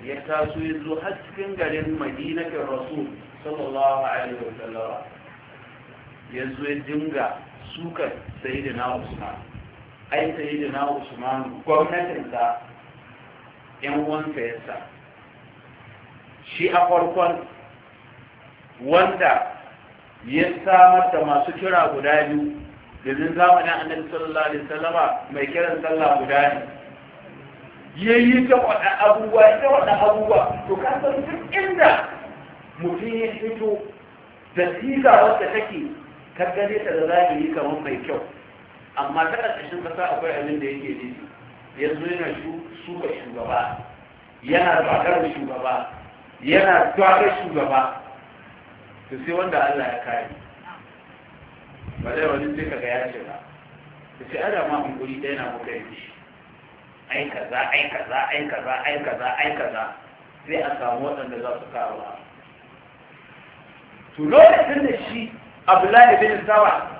ya taso ya zo har cikin garin madinatin rasul sallallahu alaihi wa sallama ya zo ya dinga sukar sayidina usman ai sayidina usman gwamnatin gwamnatinsa yan uwansa ya sa shi a farkon wanda ya samar da masu kira guda biyu domin zamanin annabi sallallahu alaihi wasallama mai kiran sallah guda ne ya ta waɗa abubuwa ta waɗa abubuwa to ka san duk inda mutum ya fito da siga wacce take ka gane ta da yi kamar mai kyau amma ta ƙarƙashin ƙasa akwai abin da yake nufi Yanzu yana shuka shugaba yana bakar shugaba yana tsakar shugaba to sai wanda Allah ya kare ba zai wani zai kaga ya ce ba to sai ana ma hankuri ɗaya na muka yi shi ai kaza ai kaza ai kaza ai kaza ai kaza sai a samu waɗanda za su kawo to lokacin da shi abu la'ibin Sawa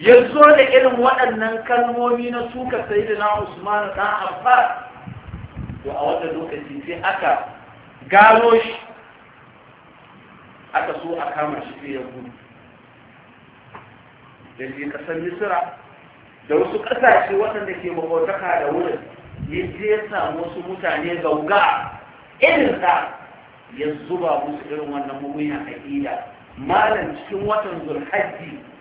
ya zo da irin waɗannan kalmomi na suka sai da na usmanu ɗan abbas to a wannan lokaci sai aka gano shi aka so a kama shi sai ya gudu da ke ƙasar misira da wasu ƙasashe waɗanda ke mabautaka da wurin ya je ya samu wasu mutane gauga irin sa ya zuba musu irin wannan mummunan aƙida malam cikin watan zulhajji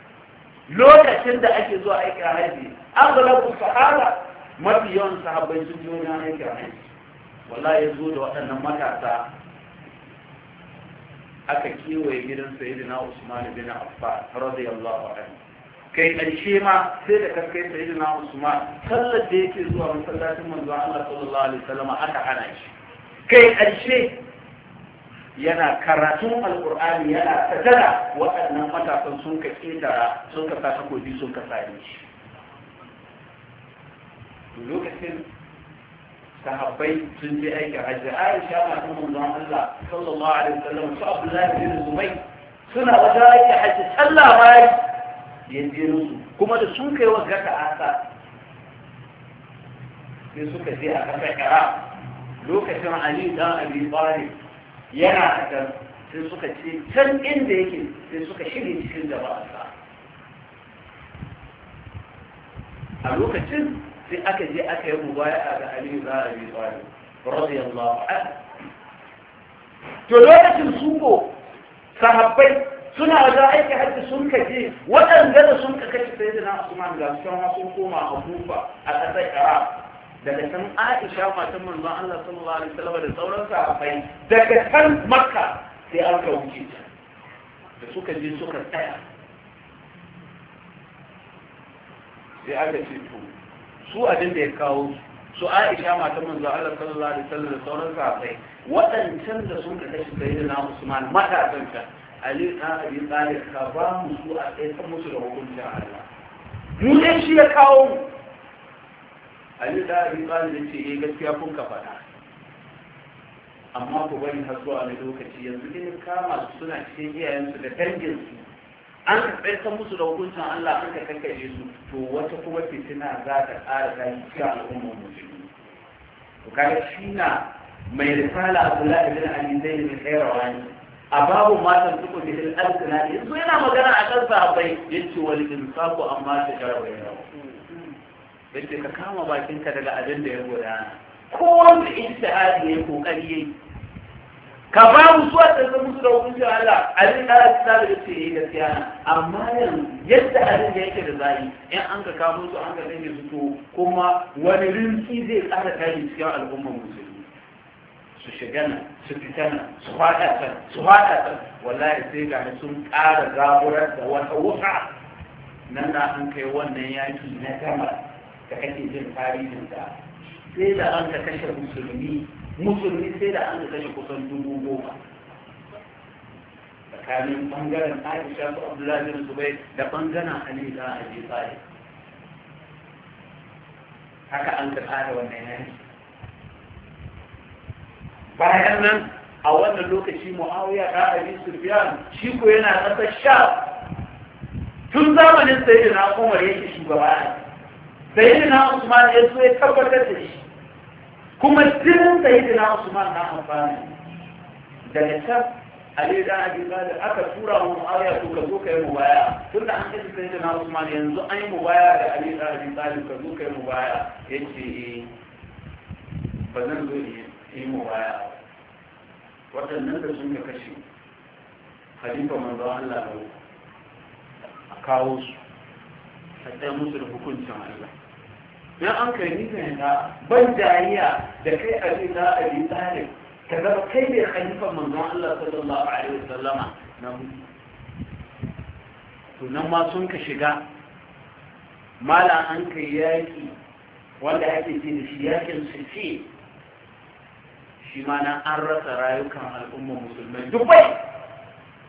lokacin da ake zuwa aiki a haifi an ku sahaba mafi yawan sahabbai sun wani aiki a haifi. wallahi ya zo da waɗannan matasa aka kewaye gidan sayyidina usman bin affan radiyallahu anhu kai ƙarshe ma sai da kaskai sayyidina usman sallar da yake zuwa masallacin manzo Allah sallallahu alaihi wasallam aka hana shi kai ƙarshe yana karatun alkur'ani yana sajada waɗannan matasan sun ka ƙetara sun ka sa takobi sun ka sare shi lokacin sahabbai sun je aiki hajji aisha ma ta manzon Allah sallallahu alaihi wasallam su abdullahi bin zubai suna wajen aiki hajji sallah bai yaje musu kuma da sun kai wa gata asa sai suka je a kasa kara lokacin Ali dan Abi Talib yana fitar sai suka ce can inda yake sai suka shirya cikin jama'a a lokacin sai aka je aka yi mubaya ga aliyu za na abi talib radiyallahu anhu to lokacin suko sahabbai suna wajen aiki hajji sun kaje waɗanda da sun ka kashe sai da na usman ga sun koma a kufa a ƙasar iraq daga can Aisha matan manzon Allah sallallahu alaihi wasallam da sauran sahabbai daga can Makka sai an ka wuce da suka je suka tsaya sai aka ce to su abin da ya kawo su Aisha matan manzon Allah sallallahu alaihi wasallam da sauran sahabbai waɗancan da sun ka da sayyidina Usman matasan ka Ali ta Abi Talib ka ba mu su a tsaye musu da hukuncin Allah mu dai shi ya kawo mu ali da abi talib ce eh gaskiya kun ka faɗa amma ku bari har zuwa wani lokaci yanzu in kama su suna cikin iyayensu da danginsu an ka tsayar musu da hukuncin Allah an ka kankaje su to wata kuma fitina za ta ƙara tashi cikin al'ummar musulmi to kaga shi na mai risala Abdullahi bin Ali Zaid bin Qayrawani a babu matan suku bi al-alsina yanzu yana magana a kan sahabbai yace wani insaku amma ta jarabawa don ka kama bakinka daga abin da ya gudana ko wanda ijtihadi ne kokari yayi ka ba mu suwa da zama su da hukuncin Allah abin da Allah ta da ce yayi gaskiya amma yanzu yadda abin da yake da zai in an ka kawo su an ka dane su to kuma wani rinki zai tsara kai cikin al'ummar musulmi su shiga nan su fita nan su fada can su fada can wallahi sai ga sun ƙara zabuwar da wata wuta nan na an kai wannan yaki na gama da kake jin tarihin ta sai da an ka kashe musulmi musulmi sai da an ka kashe kusan dubu goma tsakanin bangaren aisha su abdullahi bin zubai da bangaren ali da abi talib haka an ka tsara wannan yanki bayan nan a wannan lokaci muawiya da abi sufyan shi ko yana ƙasar sha tun zamanin sayyidina umar yake shugaba ne sayyidina Usman ya so ya tabbatar da shi kuma jinin sayyidina Usman na amfani daga can Ali da Abi Talib aka tura mu Muawiya to ka zo kai mubaya tunda an kace sayyidina Usman yanzu an yi mubaya da Ali da Abi Talib ka zo kai mubaya yace eh ba zan zo yi mubaya waɗannan da sun ka kashe halifa manzo Allah ne a kawo su a tsaye musu da hukuncin Allah in an kai nisa na ban dariya da kai a ce za a bi tsarin ka zama kai ne khalifan manzon Allah sallallahu alaihi wasallama na mutu to nan ma sun ka shiga mala an kai yaki wanda ake ce da shi yakin su ce shi ma na an rasa rayukan al'ummar musulmai dubai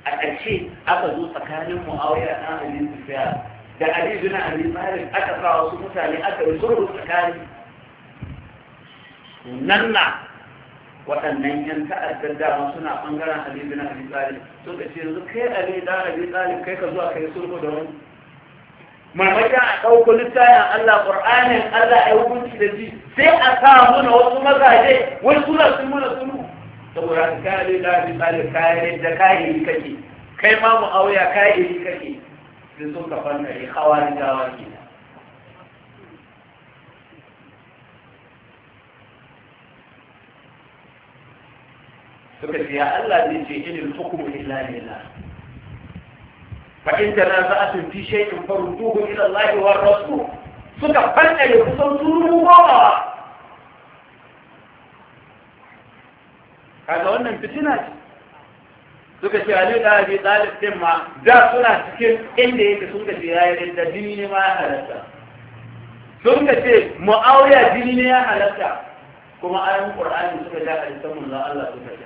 a ƙarshe aka zo tsakanin mu'awiyar ɗan abin tafiya da Ali bin Abi Malik aka sa wasu mutane aka yi sulhu tsakani nan na waɗannan yan ta'addar dama suna ɓangaren Ali bin Abi Talib ce yanzu kai Ali da Abi Talib kai ka zuwa kai sulhu da wani mamaki a ɗauko littafin Allah ƙur'ani. Allah ya hukunci da shi sai a sa muna wasu mazaje wai suna sun muna sulhu saboda ka kare da bi kare da yi kake kai ma mu auya yi kake sai sun ka fannare hawari dawa ke suka ce ya Allah ne ce ilil hukumu illa lillah fa in tanaza'atun fi shay'in farudduhu ila Allah wa rasul suka fannare kusan turu goma kaga wannan fitina ce suka ce Ali da Abi Talib din ma da suna cikin inda yake sun ga yayin da jini ne ma ya halatta sun ga ce Muawiya jini ne ya halatta kuma ayoyin Qur'ani suka ja hadisan manzo Allah suka ce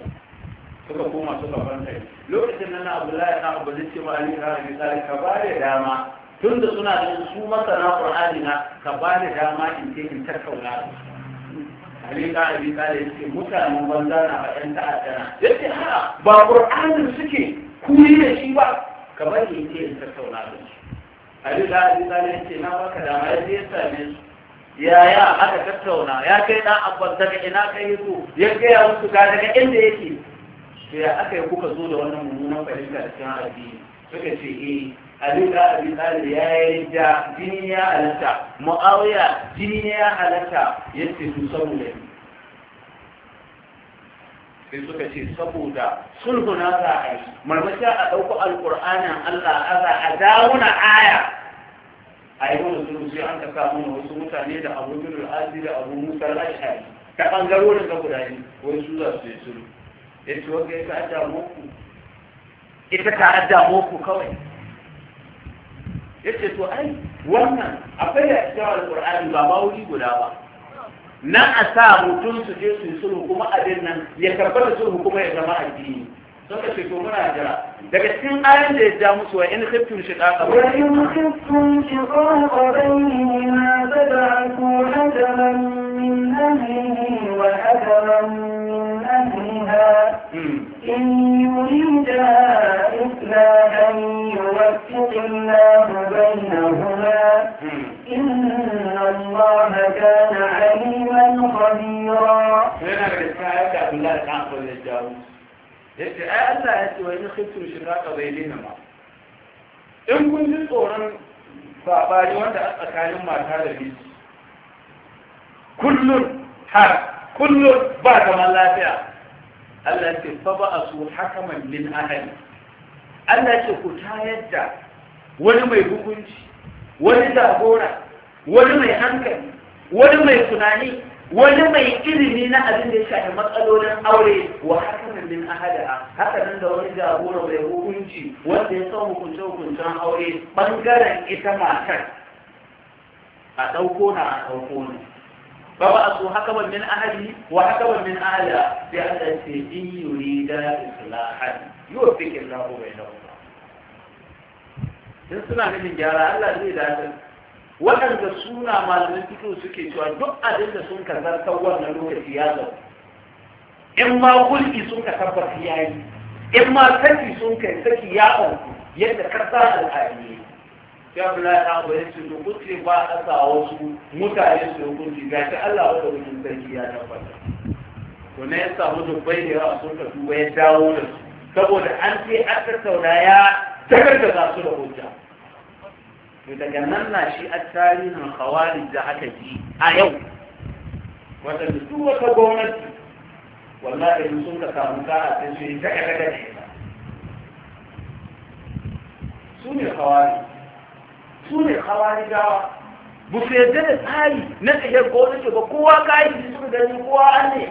suka koma suka fanta lokacin nan Abdullahi na Abu Zai ce ma Ali da Abi Talib ka ba da dama tunda suna da su masana Qur'ani na ka ba da dama in ce in tattauna halika abi kale yake mutanen banza na bayan ta'adana yake ha ba qur'anin suke kuyi da shi ba ka bari in ce in tattauna da shi halika abi kale yake na baka dama yaje ya same su yaya aka tattauna ya kai dan abban daga ina ka kai yaso ya gaya musu ga daga inda yake to ya aka yi kuka zo da wannan mummunan fahimta da cikin addini suka ce eh Ali da Abi Talib ya da jini ya halatta Muawiya jini ya halatta ce su saboda sai suka ce saboda sulhuna za a yi marmashi a ɗauko alƙur'anin Allah aza a dawuna aya a yi wani sulhu sai an ka mana wasu mutane da Abu al'adu Azi da Abu Musa al-Ash'ari ta ɓangarorin ka guda ne wani su za su yi sulhu ce wanda ya ta muku ita ta'adda adda muku kawai yace to ai wannan akwai a cikin alqur'ani ba mauli guda ba na a sa mutum su je su sulhu kuma abin nan ya karɓar da sulhu kuma ya zama addini sun ka ce to muna jira daga cikin ayan da ya ja musu wa in khiftum shiqaqa wa in khiftum shiqaqa bainihima fad'u hadaman min ahlihi wa hadaman min ahliha yace ai Allah ya ce wa in khiftu shiraqa bainahuma in kun ji tsoron sabani wanda a tsakanin mata da miji kullun har kullun ba zaman lafiya Allah ya ce fa ba'asu hakaman lil ahli Allah ya ce ku tayar da wani mai hukunci wani jagora wani mai hankali wani mai tunani wani mai ilimi na abin da ya shafi matsalolin aure wa hakanan min ahada haka nan da wani jagora mai hukunci wanda ya san hukunce hukuncen aure bangaren ita matar a ɗauko na a ɗauko ne ba ba a so ban min ahadi wa ban min ahada sai da ce in yurida islahan yuwaffiqillahu bainahuma in suna nufin gyara Allah zai dace waɗanda suna malamin fito suke cewa duk abin da sun kazarta wannan lokaci ya zau in ma kulki sun ka tabbata ya yi in ma saki sun kai saki ya auku yadda kasa al'adu sai abu na ta ya ce to kuce ba a sa wasu mutane su kunci ga shi Allah wata wajen sarki ya tabbata to na ya samu dubbai da yawa sun ka duba ya dawo da su saboda an ce an tattauna ya takarda za su da hujja to daga nan na shi a tarihin khawarij da aka ji a yau wata duk wata gwamnati wallahi in sun ka samu ka'a sai su yi ta daga ne su ne khawarij su ne khawarijawa ba su yarda da tsari na tsakiyar gwamnati ba kowa kayi su suka gani kowa an ne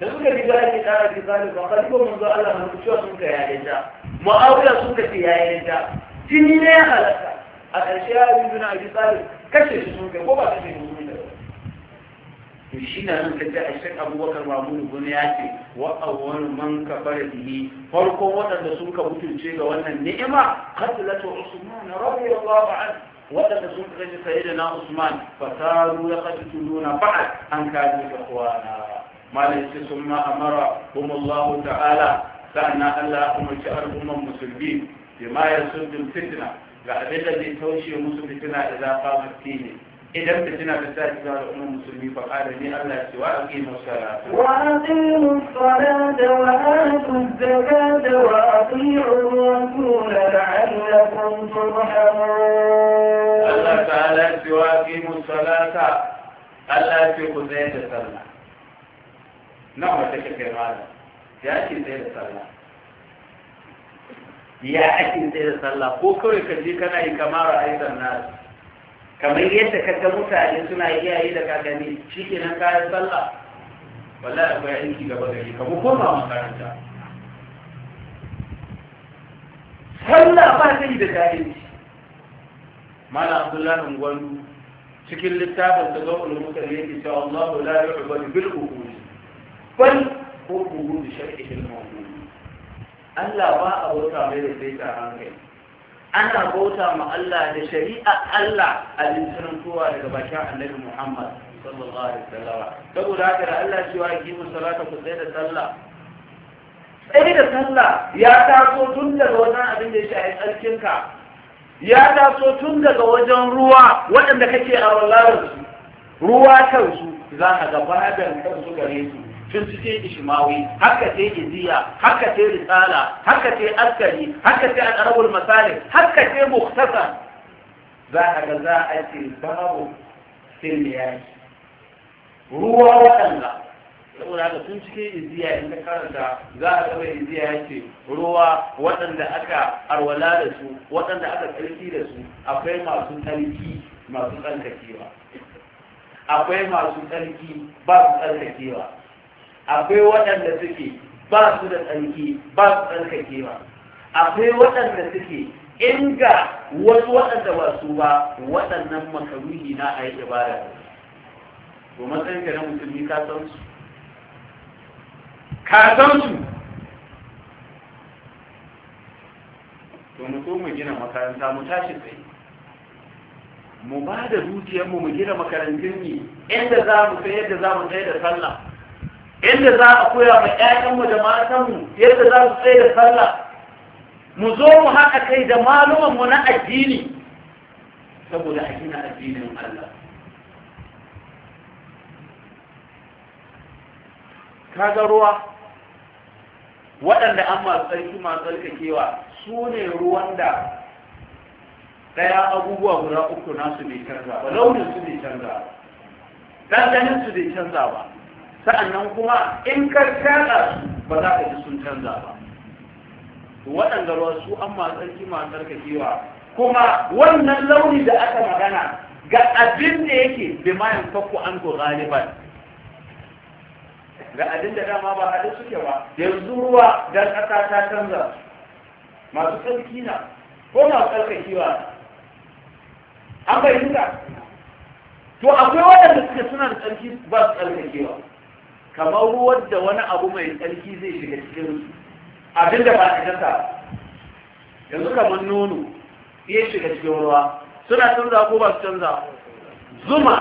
da suka ji ga ake tsara da zani ba kan ko mun zo Allah mun cewa sun ka yayin da mu'awiya sun ka ce yayin da jini ne ya halaka a ƙarshe ya yi na abi tsarin kashe shi sun kai ko ba kashe shi sun kai to shi na nan kaji a shek abubakar mamun gona ya ce wa awwalu man kafara bihi farkon waɗanda sun ka mutunce ga wannan ni'ima qatlatu usman Rabi radiyallahu anhu waɗanda sun kashe na usman fasaru ya qatluna fa'al an kaji ga kwana malai ce sun ma amara humullahu ta'ala sa'anna Allah ya umarci al'ummar musulmi sun yasuddu fitna ga abin da zai taushe musu fitina da za ka mafi ne idan fitina ta sa cikin al'ummar musulmi fa kada ne Allah ya ce wa aqimu salata wa aqimu salata wa atu zakata wa ati'u rasul la'allakum turhamun Allah ta'ala ya ce wa aqimu salata Allah ya ce ku tsaya da sallah nawa take kai malam ya ce tsaya da sallah ya ake tsaye da sallah ko kawai ka je kana yi kamar a na sannan kamar yadda ka ga mutane suna iyaye da kakanni shi ke nan kayan sallah wallahi akwai aiki gaba gari ka mu koma makaranta sallah ba ta yi da jahilci mala abdullahi gwandu cikin littafin da zo ulumuka ne yake cewa Allahu la yu'badu bil uqul bal uqul shar'i al mawdu Allah ba a bauta mai da sai ta hankali ana bauta ma Allah da shari'a Allah a lintarantowa daga bakin annabi Muhammad sallallahu alaihi wasallam saboda haka da Allah cewa ki mu salata ku tsaye da sallah tsaye da sallah ya taso tun daga wannan abin da yake a tsarkin ka ya taso tun daga wajen ruwa waɗanda kake a wallarin ruwa kansu za ka ga babin kansu gare su tun su sai ishmawi haka sai iziya haka sai risala haka sai askari haka sai al'arabul masalik, haka sai muktasa za a ga za a ce babu silmiyaki ruwa waɗanda saboda haka tun cike iziya in ka karanta za a mai iziya ya ce ruwa waɗanda aka arwala da su waɗanda aka tsarki da su akwai masu tsarki masu tsarkakewa akwai masu tsarki ba su tsarkakewa akwai waɗanda suke ba su da tsarki ba su tsarkake ba akwai waɗanda suke in ga wasu waɗanda ba su ba waɗannan makaruhi na a yi ibada to matsayin ka na musulmi ka san su ka san su to mu so mu gina makaranta mu tashi tsaye mu ba da dukiyarmu mu gina makarantun ne inda za mu sai yadda za mu tsaye da sallah yadda za a koya ma 'ya'yanmu da matanmu yadda za su tsaye da sallah mu zo mu haka kai da malumanmu na addini saboda a gina addinin Allah kaga ruwa waɗanda an masu tsarki masu tsarkakewa su ne ruwan da ɗaya abubuwa guda uku nasu bai canza ba launin su bai canza ba ɗanɗanin su bai canza ba sa'annan kuma in ka ba za ka ji sun canza ba waɗanda ruwa su an kima a kewa kuma wannan launi da aka magana ga abin da yake bi mayan fakku an ko galiban ga abin da dama ba haɗe suke ba yanzu ruwa don ƙasa ta canza masu tsarki na ko masu tsarkakewa an bai to akwai waɗanda suke suna da tsarki ba su tsarkakewa kamar ruwan da wani abu mai tsarki zai shiga cikin abin da ba a kasa yanzu kamar nono ya shiga cikin ruwa suna canza ko ba su canza zuma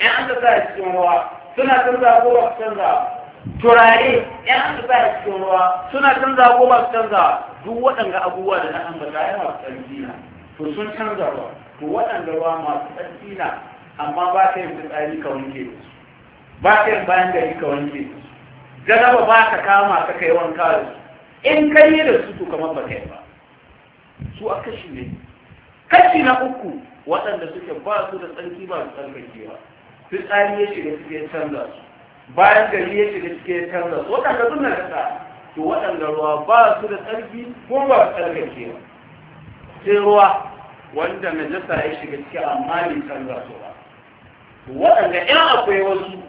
ya an da sa cikin ruwa suna canza ko ba su canza turare ya an da sa cikin ruwa suna canza ko ba su canza duk waɗanda abubuwa da na ambata yana tsarki na to sun canza ruwa to waɗanda ruwa masu tsarki na amma ba ta yi fitsari ka wanke su ba ka yin bayan gari ka wanke jaraba ba ta kama ka kai wanka da su in ka yi da su to kamar ba kai ba su a kashi ne kashi na uku waɗanda suke ba su da tsarki ba su su fitsari ya shiga cikin canza su bayan gari ya shiga cikin canza su waɗanda suna kasa to waɗanda ruwa ba su da tsarki ko ba su ba sai ruwa wanda najasa ya shiga ciki amma bai canza su ba waɗanda in akwai wasu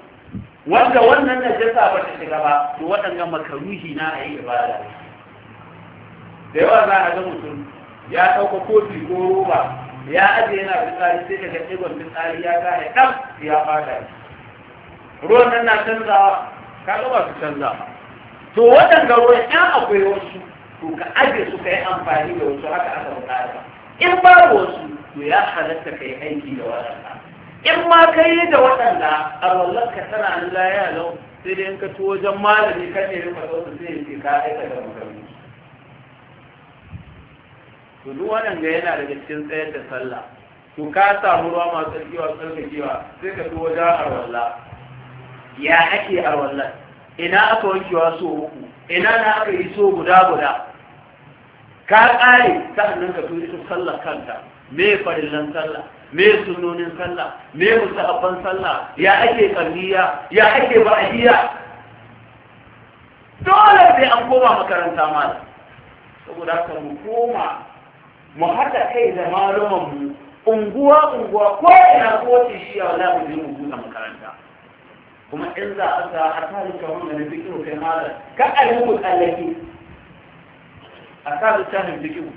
wanda wannan najasa ba ta shiga ba to waɗannan makaruhi na a yi ibada da yawa za a ga mutum ya ɗauka kofi ko roba ya aje yana fitsari sai daga ɗigon fitsari ya kare ɗan ya fada ruwan nan na canzawa ka ga ba su canzawa to waɗanda ruwan ɗan akwai wasu to ka aje su ka yi amfani da wasu haka aka buƙata in babu wasu to ya halatta ka yi aiki da waɗanda in ma ka yi da waɗanda a wallanka tana an laya lau sai dai in ka tuwo wajen malami kan ne rufa sau sai yi ka aika da makarni to duk waɗanda yana daga cikin tsayar da sallah to ka samu ruwa masu tsarkiwa tsarkakewa sai ka tuwo wajen arwalla ya ake arwallar ina aka wankewa so uku ina na aka yi so guda guda ka ƙare sa'annan ka tuwo ita sallar kanta me farillan sallah me sunonin sallah me musahabban sallah ya ake kalliya ya ake ba'diya dole sai an koma makaranta mala saboda haka mu koma mu haɗa kai da malaman mu unguwa unguwa ko ina ko ce shi ya wala mu je mu buɗe makaranta kuma in za a sa a tare ka da na fikiru kai malam ka alimu tsallake a sa littafin fikiru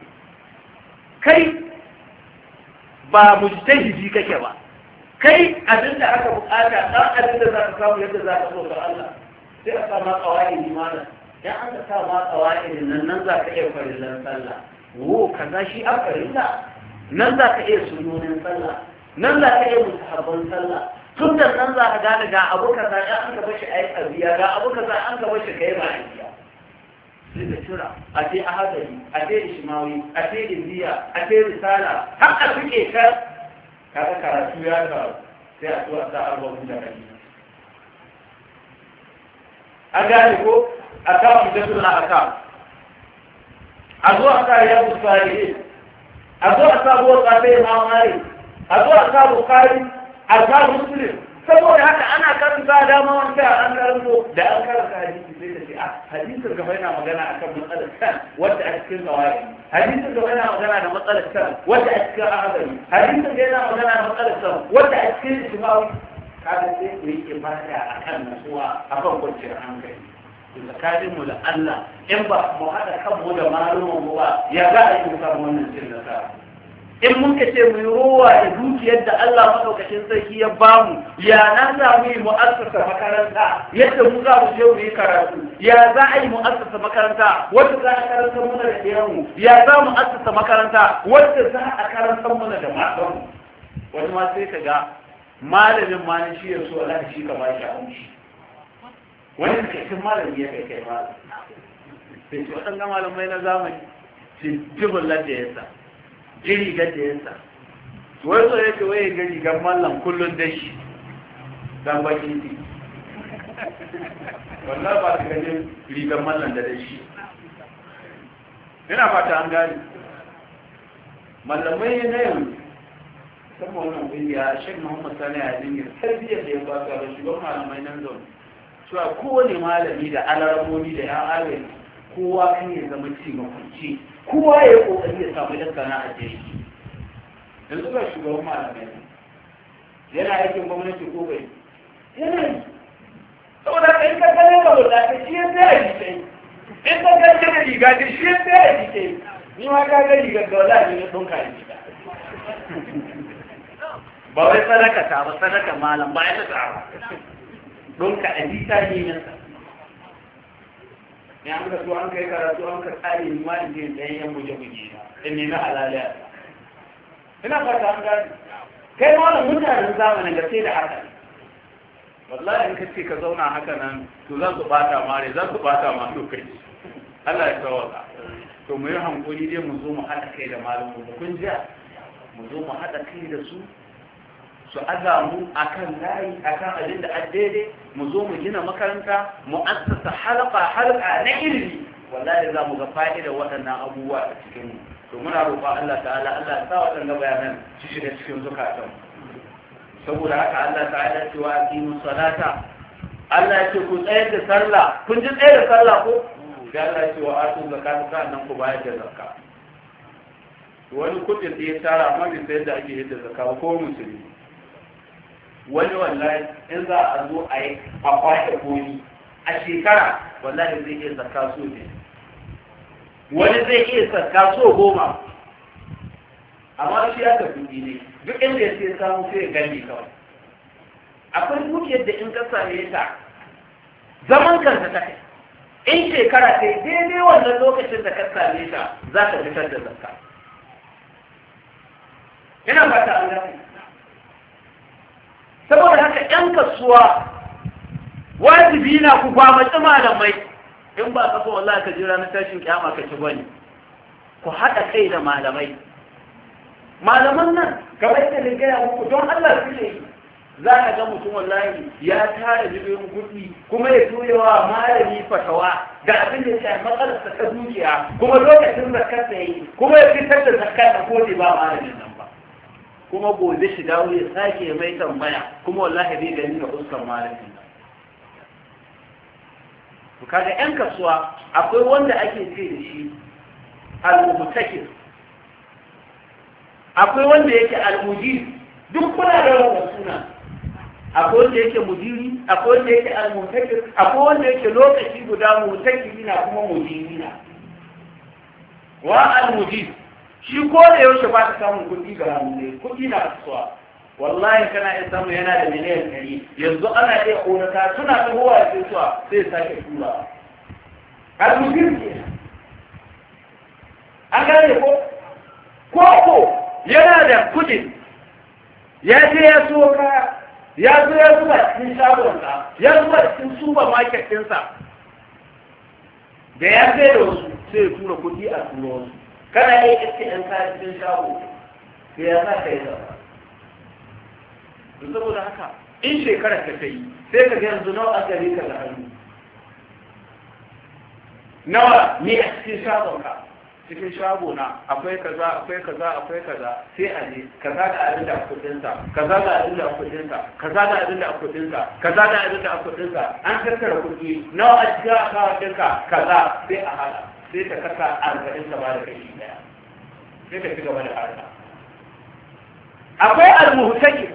kai ba mu mujtahidi kake ba kai abin da aka bukata dan abin da za ka samu yadda za ka so ga Allah sai a sa ma qawaidi mana dan aka sa ma qawaidi nan nan za ka iya farillan sallah wo kaza shi a farilla nan za ka iya sunonin sallah nan za ka iya mustahabban sallah tun da nan za ka gane ga abu kaza ya an ka bashi ayi abiya ga abu kaza an ka bashi kai ba abiya literatura a ce ahadari a ce ishimawi a ce indiya a ce risala har a suke ka kaga karatu ya faru sai a zuwa sa arwahun da kari A gane ko a kawo da suna a kawo a zo a sa ya musari a zo a sa buwar tsafe ma mare a zuwa sa bukari a sa muslim saboda haka ana karanta dama wani an karanto da an karanta hadisi sai ta ce a ah, hadisin gaba yana magana akan matsalar kan wadda a cikin gawayi hadisin gaba yana magana da matsalar kan wadda a cikin ahadari hadisin yana magana da matsalar kan wadda a cikin ishmawi kada sai ku yi a kan nasuwa a kan kwanciyar hankali tsakanin mu da Allah in ba mu haɗa kanmu da malumin mu ba ya za a yi mu wannan cin nasara in mun ka ce mu yi rowa da dukiyar da Allah maɗaukacin sarki ya bamu ya na za mu yi mu'assasa makaranta yadda mu za mu je mu yi karatu ya za a yi mu'assasa makaranta wacce za a karanta muna da ɗiyanmu ya za mu assasa makaranta wacce za a karanta muna da matanmu wani ma sai ka ga malamin ma ne shi ya so Allah shi ka ba shi amshi wani ka cin malami ya kai kai malam sai waɗanda malamai na zamani shi jibin lafiya ya sa ji rigar da yasa wai ya yake waye ga rigar mallam kullum da shi don baki ne wanda ba ka ga rigar mallam da shi ina fata an gani mallamai na yau sama wannan kungiya shek muhammad sani a dingin tarbiyyar da ya baka da shugaban malamai nan zaune cewa kowane malami da alarmomi da ya agaji kowa kan ya zama cimakunci kuma ya yi kokari ya samu daska na jiri da zuwa shugaban malamai yana aikin gwamnati ko bai yana yi saboda ka ka gane ba wanda ka shi ya tsaya jike in ka gane ka riga ka shi ya tsaya yi ni ma ka ga riga ga wala ne don ka yi ba wai sadaka ta ba sadaka malam ba ya ta tsara. don ka ajita ne nan ne an ka tuwa an kai karatu an ka tsari ma in ji dan yan buje buje na in ne na ina fata an gani kai ma wani mutanen zamanin da sai da haka wallahi in ka ce ka zauna haka nan to zan su bata mare zan su bata ma kai. Allah ya tsawata to mu yi hankuli dai mu zo mu haɗa kai da malamu kun ji mu zo mu haɗa kai da su su aza mu akan layi akan abin da addede mu zo mu gina makaranta mu assasa halka halka na ilimi wallahi za mu ga fa'ida waɗannan abubuwa a cikin to muna roƙon Allah ta'ala Allah ya sa waɗannan bayanan su shiga cikin zukatan saboda haka Allah ta'ala ce wa aqimu salata Allah ya ce ku tsaye da sallah kun ji tsaye da sallah ko Ya Allah ya ce wa atu zakata nan ku bayar da zakka wani kudin da ya tara amma bai sayar da ake yadda zaka ko musulmi wani wallahi in za a zo a yi a kwashe komi a shekara wallahi zai iya zakka so ne wani zai iya zakka so goma amma shi ya tafi ne duk inda ya ce samu sai ya gani kawai akwai dukiyar da in ka same ta zaman kanta ta kai in shekara ta yi daidai wannan lokacin da ka same ta za ka fitar da zakka ina fata an gani saboda haka yan kasuwa wajibi na ku da mai, in ba ka so ka jira na tashin kiyama ka ci bane ku haɗa kai da malamai malaman nan kamar da na gaya muku don Allah su ne za ka ga mutum wallahi ya tara jirgin kuɗi kuma ya turewa malami fatawa ga abin da ya matsalarsa ta dukiya kuma lokacin da ya yi kuma ya fitar da zakar da kodi ba malamin nan kuma gobe shi dawo ya sake mai tambaya kuma wallahi zai gani da uskan malamin to kaga yan kasuwa akwai wanda ake ce da shi al mutakil akwai wanda yake al-mujir duk kuna da wannan suna akwai wanda yake mudiri akwai wanda yake al mutakil akwai wanda yake lokaci guda mutakin na kuma mujirina wa al-mujir shi ko da yaushe ba ta samun kuɗi ga ramunai ne kuɗi na kasuwa wallahi kana iya samu yana da miliyan ɗari yanzu ana iya ƙonata suna tsohuwa da tsohuwa sai sake tura a dukkan ke an gane ko ko ko yana da kuɗin ya je ya so kaya ya zo ya zuba cikin shagonsa ya zuba cikin supermarket ɗinsa da ya zai da wasu sai ya tura kuɗi a tura wasu kana iya iske ɗan kayan cikin shago to ya za ka yi zama to saboda haka in shekara ka ta yi sai ka ga yanzu nawa aka yi ka da hannu nawa ne a cikin shagon ka cikin shago na akwai kaza akwai kaza akwai kaza sai a je kaza da abin da kudin ka kaza da abin da kudin ka kaza da abin da kudin ka kaza da abin da kudin an tattara kudi nawa a cikin akawun ɗinka kaza sai a hada sai ta kasa arba'in ta ba da kashi daya sai ka fi gaba da harka akwai almuhtaki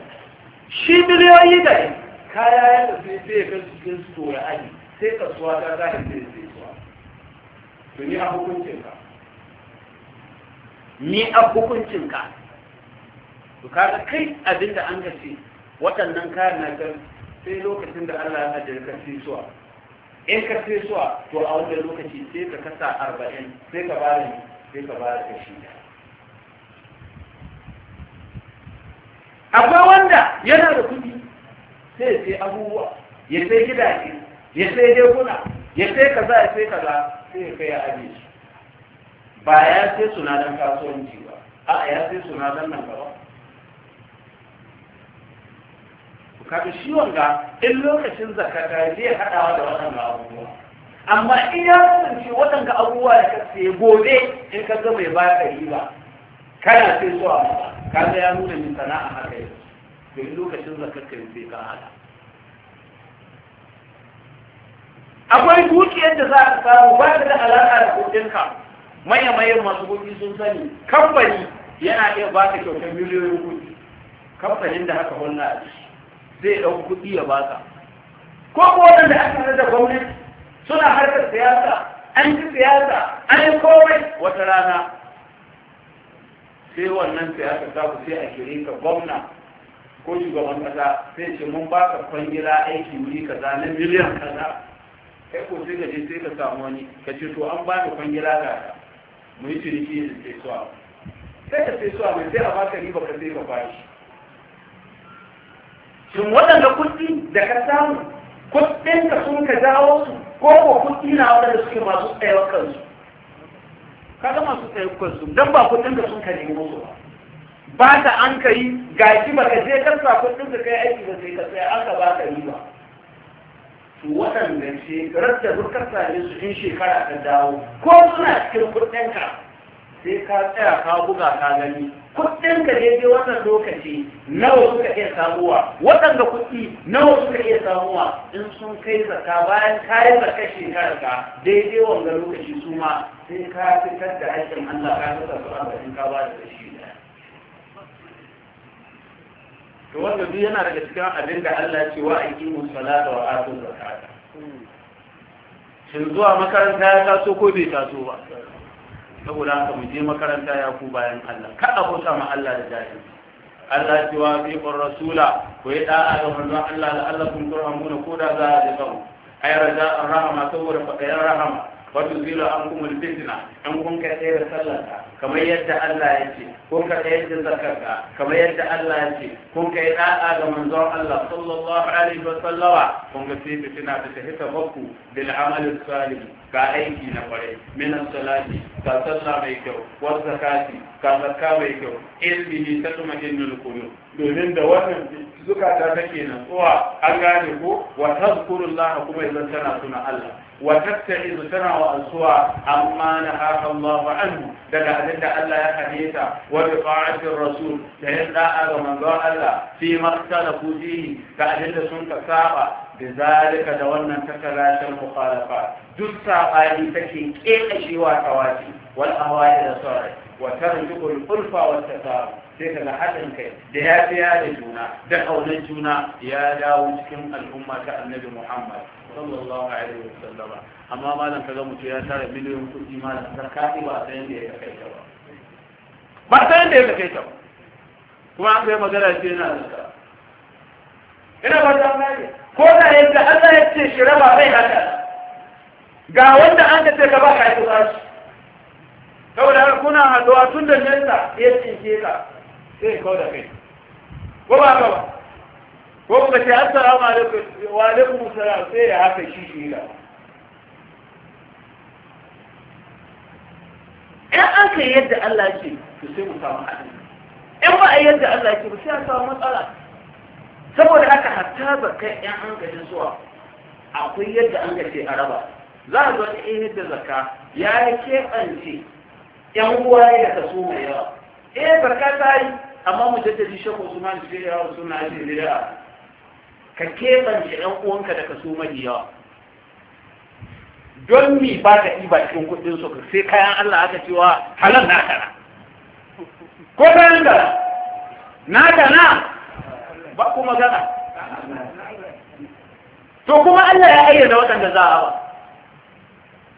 shi miliyoyi da yi. kaya ya tafi sai ya kai cikin tsoro aji sai kasuwa ta zahiri ya zai suwa to ni a hukuncinka ni a hukuncinka to kaga kai abinda an gaci waɗannan kayan na sai lokacin da Allah ya ajiye kasi sai suwa in ka sai suwa to a wajen lokaci sai ka kasa arba'in sai ka bari sai ka ka shi akwai wanda yana da kuɗi sai sai abubuwa ya sai gidaje ya sai dekuna ya sai kaza ya sai kaza sai ya kai ya aje shi ba ya sai suna don kasuwanci ba a ya sai suna don nan gaba kaga shi wanga in lokacin zakata zai haɗawa da waɗannan abubuwa amma in ya kasance waɗanda abubuwa da kasance gobe in ka ga mai ba ka ba, kana sai so a mata kaga ya nuna min sana'a haka yi to in lokacin zakata sai ka haɗa akwai dukiyar da za ka samu ba ta da alaƙa da kuɗinka maye-mayen masu kuɗi sun sani kamfani yana iya ba ka kyautar miliyoyin kuɗi kamfanin da haka wannan a ciki zai ɗau kuɗi ya ka. ko ko wanda aka hada da gwamnati suna harkar siyasa an ji siyasa an yi komai wata rana sai wannan siyasa ta ku sai a kire ka gwamna ko shugaban kasa sai ce mun ba ka kwangila aiki wuri kaza na miliyan kaza kai ko sai ka je sai ka samu wani ka ce to an ba ka kwangila ga mu yi ciniki da sai suwa sai ka sai suwa mai sai a baka riba ka sai ka bashi shin waɗanda kuɗi da ka samu ka sun ka jawo su ko ko kuɗi na waɗanda suke masu tsayawar kansu kada masu tsayawar kansu don ba ka sun ka nemo su ba ba ta an ka yi gashi ba ka je ka sa kuɗin ka kai aiki ba sai ka tsaya an ka ba ka yi ba su waɗanda ce radda duk ka same su in shekara ka dawo ko suna cikin ka sai ka tsaya ka buga ka gani kudin ka daidai wannan lokaci nawa suka iya samuwa waɗanda kuɗi nawa suka iya samuwa in sun kai zaka bayan kayan zaka shekarar ka daidai wanga lokaci su ma sai ka fitar da aikin Allah ka fitar su arba'in ka ba da shi ɗaya. to wanda duk yana daga cikin abin da Allah ce wa aqimu salata wa atu zakata shin zuwa makaranta ya taso ko bai taso ba saboda haka mu je makaranta ya ku bayan Allah kada ku ma Allah da jahi Allah cewa bi qur rasula ku yi da'a ga manzon Allah la'allakum turhamuna ko da za a ji kawo ai raja rahama saboda fadayan rahama wato zira an kuma fitina an kun ka tsayar sallarka kamar yadda Allah ya ce kun ka tsayar da zakarka kamar yadda Allah ya ce kun ka yi da'a ga manzon Allah sallallahu alaihi wa sallawa. kun ka sai fitina ta ta hita bakku bil amal salih ga aiki na kwarai min salati ka sallah mai kyau wa zakati ka zakka mai kyau ilmihi tatma innul qulub domin da wannan zukata take nan tsuwa an gane ko wa tazkurullaha kuma idan tana suna Allah وتتخذ سنة وأنسوى عما نهاك الله عنه دقا أدد ألا يحديثا وبطاعة الرسول لأن لا من قال الله فيما اختلفوا فيه فأدد سنك ساقا بذلك دولنا تتلاشى المخالفات جزء آلي تكي كيف شوى تواتي والأهواء إلى صارت وترجق القلفة والتساوي sai ka ga haɗin kai da ya fiya da juna da ƙaunar juna ya dawo cikin al'umma ta annabi Muhammad sallallahu alaihi sallama amma malam kaga mutum ya tara miliyoyin kuɗi malam zakka ba san yadda ya kai ta ba ba san yadda ya kai ta ba kuma an kai magana ce yana zakka ina ba ta mai ko da yadda Allah ya ce shi raba bai haka ga wanda an ka ce ka ba ka yi shi saboda kuna haɗuwa tun da nesa ya cinke ka sai kawai da kai ko ba ka ba ko ka ce assalamu alaikum wa alaikum assalam sai ya haka shi shi da in an kai yadda Allah ya ce to sai mu samu haɗin in ba a yadda Allah ya ce ba sai a samu matsala saboda haka hatta ba kai yan hankalin zuwa akwai yadda an ga a raba za a zo ta yadda zakka ya keɓance yan uwa ya kaso mai yawa eh barka ta yi amma mu mujaddadi shekhu usman sai ya rasu na ajin bid'a ka keɓance ɗan uwanka da su mafi yawa don mi ba ka ɗiba cikin kuɗin su sai kayan Allah aka cewa halar na kara ko kayan gara na kana ba kuma gana to kuma Allah ya ayyana waɗanda za a ba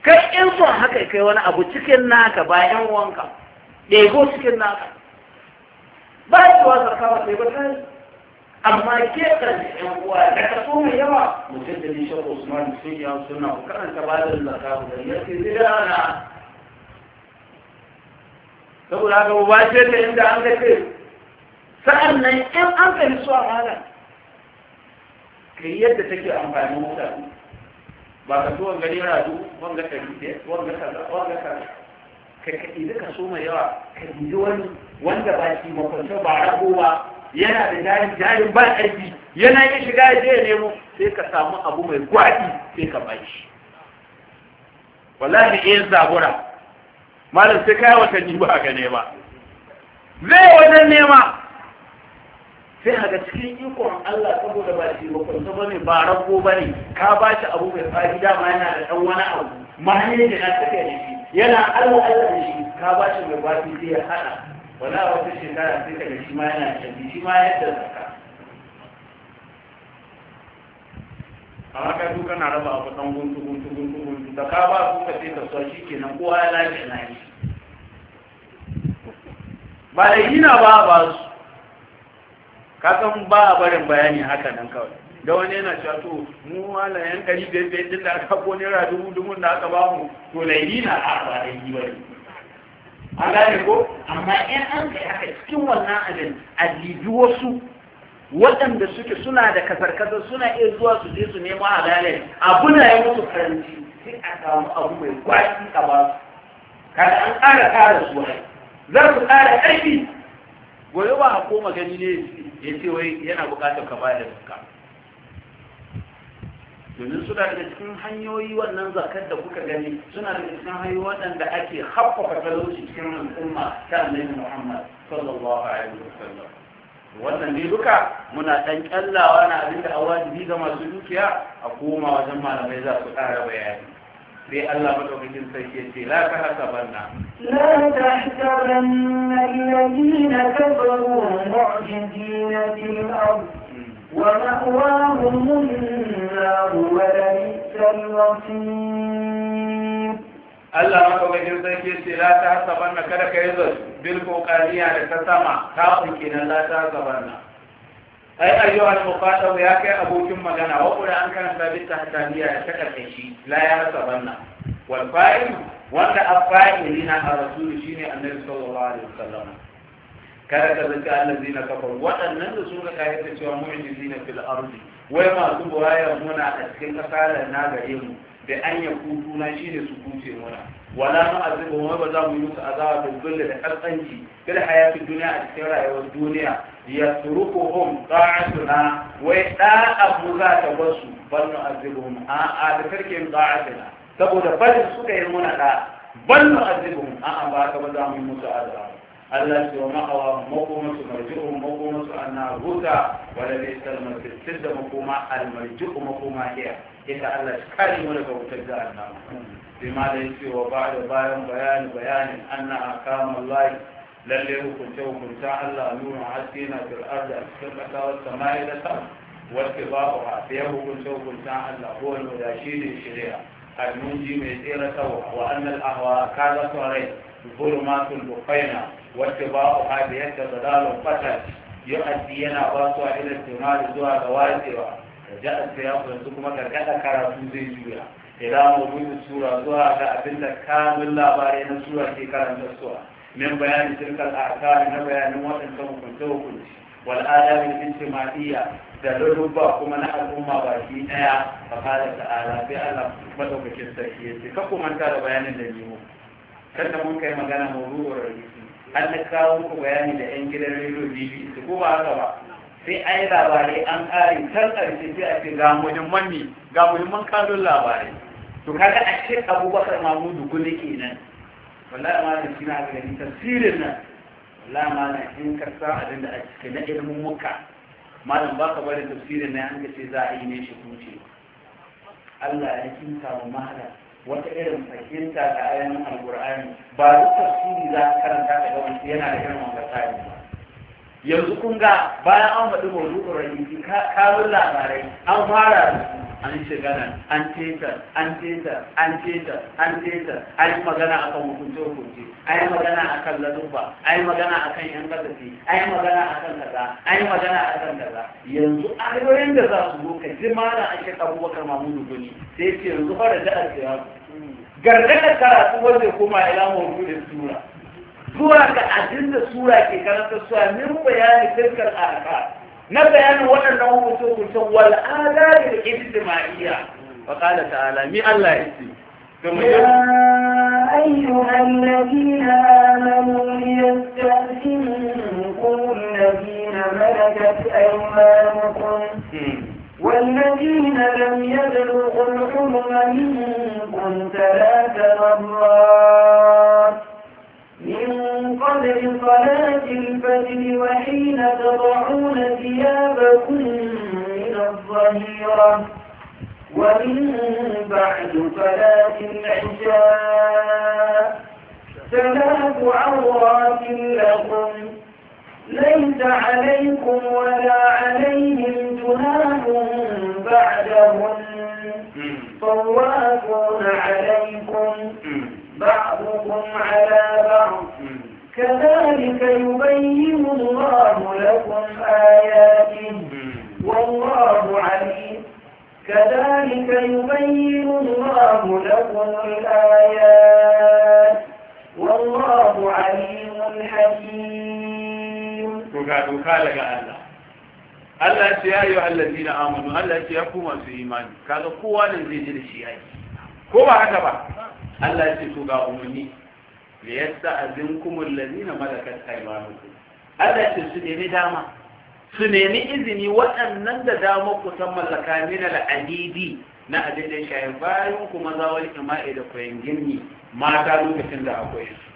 kai in so haka kai wani abu cikin naka ba yan wanka ɗego cikin naka ba a cewa zarkawa sai ba ta yi amma ke kan yan uwa da ka so mai yawa mutum da nishan usman sun yawa suna karanta babin zaka da yake zirana saboda haka ba ce ta inda an ga sa'an nan in an kai su a halar. ka yi yadda take amfani mota ba ka so wanga naira du wanga ɗari biyar wanga ka wanga kaza ka kaɗi ka so mai yawa ka ɗi wani wanda ba shi makwantar ba ragowa yana da jari jarin ba aiki yana yin shiga ya je ya nemo sai ka samu abu mai gwaɗi sai ka bai shi wallahi eh zabura malam sai kai watanni ba ga nema zai wajen nema sai a ga cikin ikon Allah saboda ba shi ba ba ne ba rabo ba ne ka ba shi abu mai fari dama yana da ɗan wani abu ma ne da na tafiya da shi yana Allah Allah da shi ka ba shi mai sai zai haɗa wala a wata shekara sai daga shi ma yana canji shi ma yadda zaka amma ka su kana raba a kusan guntu guntu guntu guntu da ka ba su ka sai ka so shi kenan kowa ya lafiya na yi ba da na ba ba su ka san ba a barin bayani haka nan kawai da wani yana cewa to mu wala yan kari biyar biyar din da aka ko naira dubu dubu da aka ba mu to laifi na a ba yi ba ne a gane ko amma in an kai haka cikin wannan abin a jibi wasu waɗanda suke suna da kasar-kasar suna iya zuwa su je su nemo gane abu na yi musu karanci sai a samu abu mai gwaki a ba su kada an ƙara ƙara su wani za su ƙara ƙarfi gobe ba a koma gani ne ya ce wai yana buƙatar ka bayar da suka domin suna daga cikin hanyoyi wannan zakar da kuka gani suna daga cikin hanyoyi waɗanda ake haffafa talauci cikin al'umma ta annabi Muhammad sallallahu alaihi wasallam wannan ne duka muna ɗan kyallawa na abin da awajibi ga masu dukiya a koma wajen malamai za su ƙara bayani sai Allah madaukakin sarki ya ce la ka hasabanna la tahsabanna alladhina kafaru mu'jizina fil ardh ومأواهم النار ولبئس المصير Allah maka wajen sarki ce sila ta hasaban na kada ka yi zo bil kokariya da ta sama ta kunki nan la ta hasaban na ai ayyuha al-muqaddam ya kai abokin magana wa qura an karanta bi tahtaniya ta kace shi la ya hasaban na wal fa'il wanda afa'ilina ar-rasul shine annabi sallallahu alaihi wasallam kada ka zanci allazi na kafar waɗannan da suka kayi ta cewa mu'jizi zina fil ardi wai masu buwaya muna a cikin ƙasa da na gare mu da an ya kutu na shi ne su kuce muna wala mu azibu wai ba za mu yi musu azaba da zulla da kaskanci da hayati duniya a cikin rayuwar duniya ya turukuhum ta'atuna wai da'a mu za ta basu bal nu azibuhum a'a da tarkin ta'atuna saboda bal suka yi muna da bal nu a'a ba ka ba za mu yi musu azaba الله يومخوا مقومة مرجوه مقومة أنها غوثة والذي استلم في السد مقومة المرجوه مقومة هي إذا الله شكالي ملك وتجزاء بما ليسي وبعد بيان بيان بيان أنها كام الله للي هو كنتو كنتا الله نور في الأرض السبعة والسماء لسم والكباؤها فيه كنتو كنتا الله هو المداشين الشريعة المنجي من إيرة وأن الأهواء كانت عليه ظلمات بقينا Wacce ba a da yadda dalalun fatal yu'addi yana ba su a ila istimali zuwa ga watsewa da ja'a siyafu yanzu kuma gargada karatu zai juya mu mawdu'in sura zuwa ga da kamun labarai na sura ke karanta suwa min bayanin tilkal ahkam na bayanin waɗannan hukunce hukunci wal adabin ijtima'iyya da rubba kuma na al'umma baki daya a kada ta'ala sai Allah madaukakin sarki yace ka kuma da bayanin da nemo kada mun kai magana mawdu'ur rajisi har na kawo muku bayani da yan gidan rediyo su ko ba haka ba sai a yi labarai an ƙari kan ƙarshe sai a ce ga muhimman ne ga muhimman kalon labarai to kaga a ce abubakar mamudu ke kenan wallahi amma da shi na gani tafsirin nan wallahi amma na in ka sa abin da a cikin na ilimin muka malam baka bari tafsirin nan an ka ce za a yi ne shi kuce Allah ya kinta wa malam wata irin fahimta da ayan alqur'ani ba duk tafsiri za ka karanta ka ga yana da irin wanda ta ba yanzu kun ga bayan an faɗi mawdu'ur rahimi ka kawo labarai an fara an gana an teta an teta an teta an teta an yi magana a kan hukunci hukunci an yi magana a kan lalufa an yi magana a kan yan gazafi an yi magana a kan kaza an yi magana a kan kaza yanzu ayoyin da za su zo ka ji mana an shiga abubakar mamudu gani sai ce yanzu fara da alƙiyamu gargaɗar karatu wanda ya koma ila mawudu da sura zuwa ga abin da sura ke karanta suwa min bayani tilkar arka na bayanin waɗannan hukuncin wal adari da ijtima'iyya fa qala ta'ala mi Allah ya ce أيها الذين آمنوا ليستأذنكم الذين ملكت أيمانكم والذين لم يبلغوا الحلم منكم ثلاث مرات من قبل صلاة الفجر وحين تضعون ثيابكم من الظهيرة ومن بعد صلاة العشاء ثلاث عورات لكم ليس عليكم ولا عليهم جناح بعدهن طوافون عليكم بعضكم على بعض كذلك يبين الله لكم آياته والله عليم كذلك يبين الله لكم الآيات والله عليم حكيم الله Allah ce ya yi wa allazi na amonu, Allah ce ya kuma su imani, kaga kowa nan zai ji da shi ko ba haka ba, Allah ya ce to ga umarni azin kumul ladina malakat aymanukum Allah ya ce su nemi dama su nemi izini waɗannan da dama ku san mallaka min al-adidi na adadin shayin bayan ku maza wani ima'i da koyan girni mata lokacin da akwai su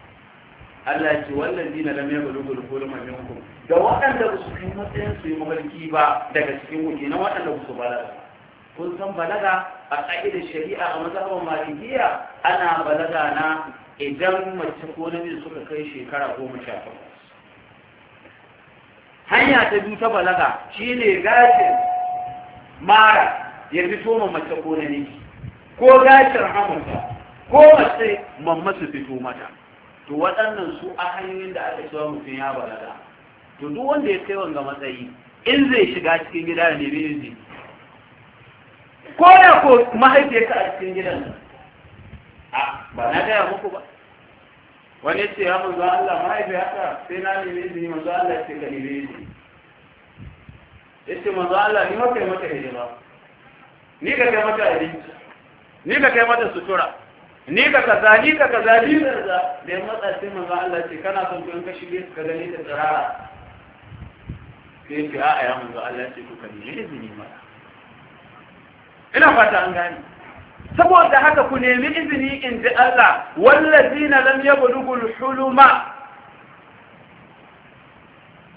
Allah ya ce na lam yablughu al-hulma minkum da waɗanda ba su kai matsayin su yi mafarki ba daga cikin wuce na waɗanda ba su balaga kun san balaga a ƙa'idar shari'a a mazhaban malikiya ana balaga na idan mace ko namiji suka kai shekara goma sha takwas hanya ta biyu ta balaga shine gashin mara ya fito ma mace ko namiji ko gashin hamata ko mace mamma su fito mata to waɗannan su a hanyoyin da aka cewa mutum ya balaga to duk wanda ya kai wanga matsayi in zai shiga cikin gida da ne bai ko da ko mahaifiyarka a cikin gidan a ba na gaya muku ba wani ce ya manzo Allah mahaifiyarka sai na nemi izini manzo Allah ce ka nemi izini yace manzo Allah ni mafi mata hijira ni ka kai mata abinci ni ka kai mata sutura ni ka kaza ni ka kaza ni ka kaza da ya matsa sai manzo Allah ce kana son kun ka shige ka gani ta tsirara sai ce a'a ya manzo Allah ce ku ka nemi izini mata ina fata an gani saboda haka ku nemi izini in ji Allah wallazina lam yablughul huluma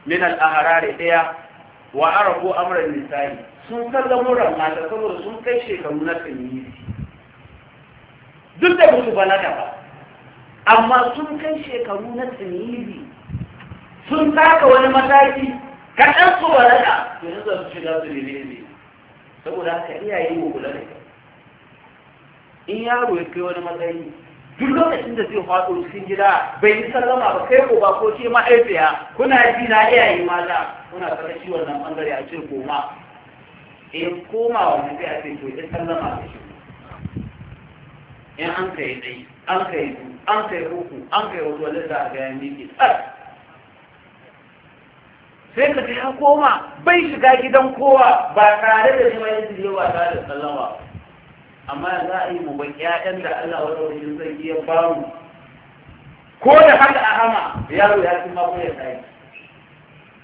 min al-ahrari daya wa arabu amran nisa'i sun kalla muran mata saboda sun kai shekaru na tsini duk da musu da ba amma sun kai shekaru na tsini sun taka wani mataki kaɗan su balaga yanzu su shiga su ne ne saboda haka iyaye mu kula da in yaro ya kai wani matsayi duk lokacin da zai faɗo cikin gida bai yi sallama ba kai ko ba ko ce ma'aifiya kuna ji na iyaye mata, kuna fara shi wannan bangare a ce koma in koma wa sai a ce to ya sallama da shi in an kai dai an kai an kai uku an kai wasu wanda za a gaya miki tsar sai ka ta koma bai shiga gidan kowa ba tare da shi yin jirgin ba tare da sallama amma za a yi mu ban ƴaƴan da Allah wani wajen zai iya ba mu ko da haka a hama yaro ya fi mako ya tsaye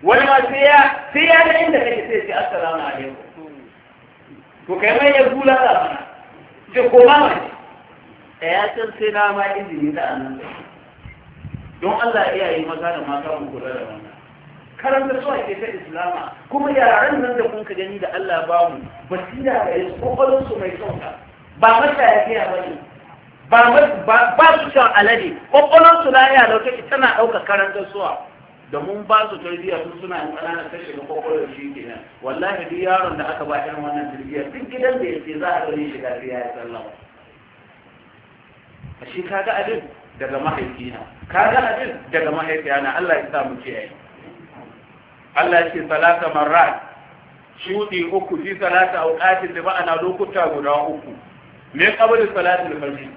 wani ma sai ya sai ya ga inda kake sai ce assalamu alaikum to kai mai ya gula da mana ce koma mai a ya san sai na ma izini da anan don Allah iyaye maza da mata mu kula da wannan karanta suwa ke ta islama kuma yaran nan da kun ka gani da Allah ba mu basira ga yi kokolon su mai sauka ba fiya ba ne ba su shan alade kokolon su laya lokaci tana ɗaukar karanta suwa mun ba su tarbiyya sun suna yin ƙanana kashe da kokolon shi nan wallahi duk yaron da aka ba irin wannan tarbiyya duk gidan da ya za a gani shiga fiya ya sallama a shi kaga abin daga mahaifina kaga abin daga mahaifiyana Allah ya sa mu kiyaye Allah ce salata marrat shuɗi uku fi salata auqatin da ma'ana lokuta guda uku Me qabli salatul fajr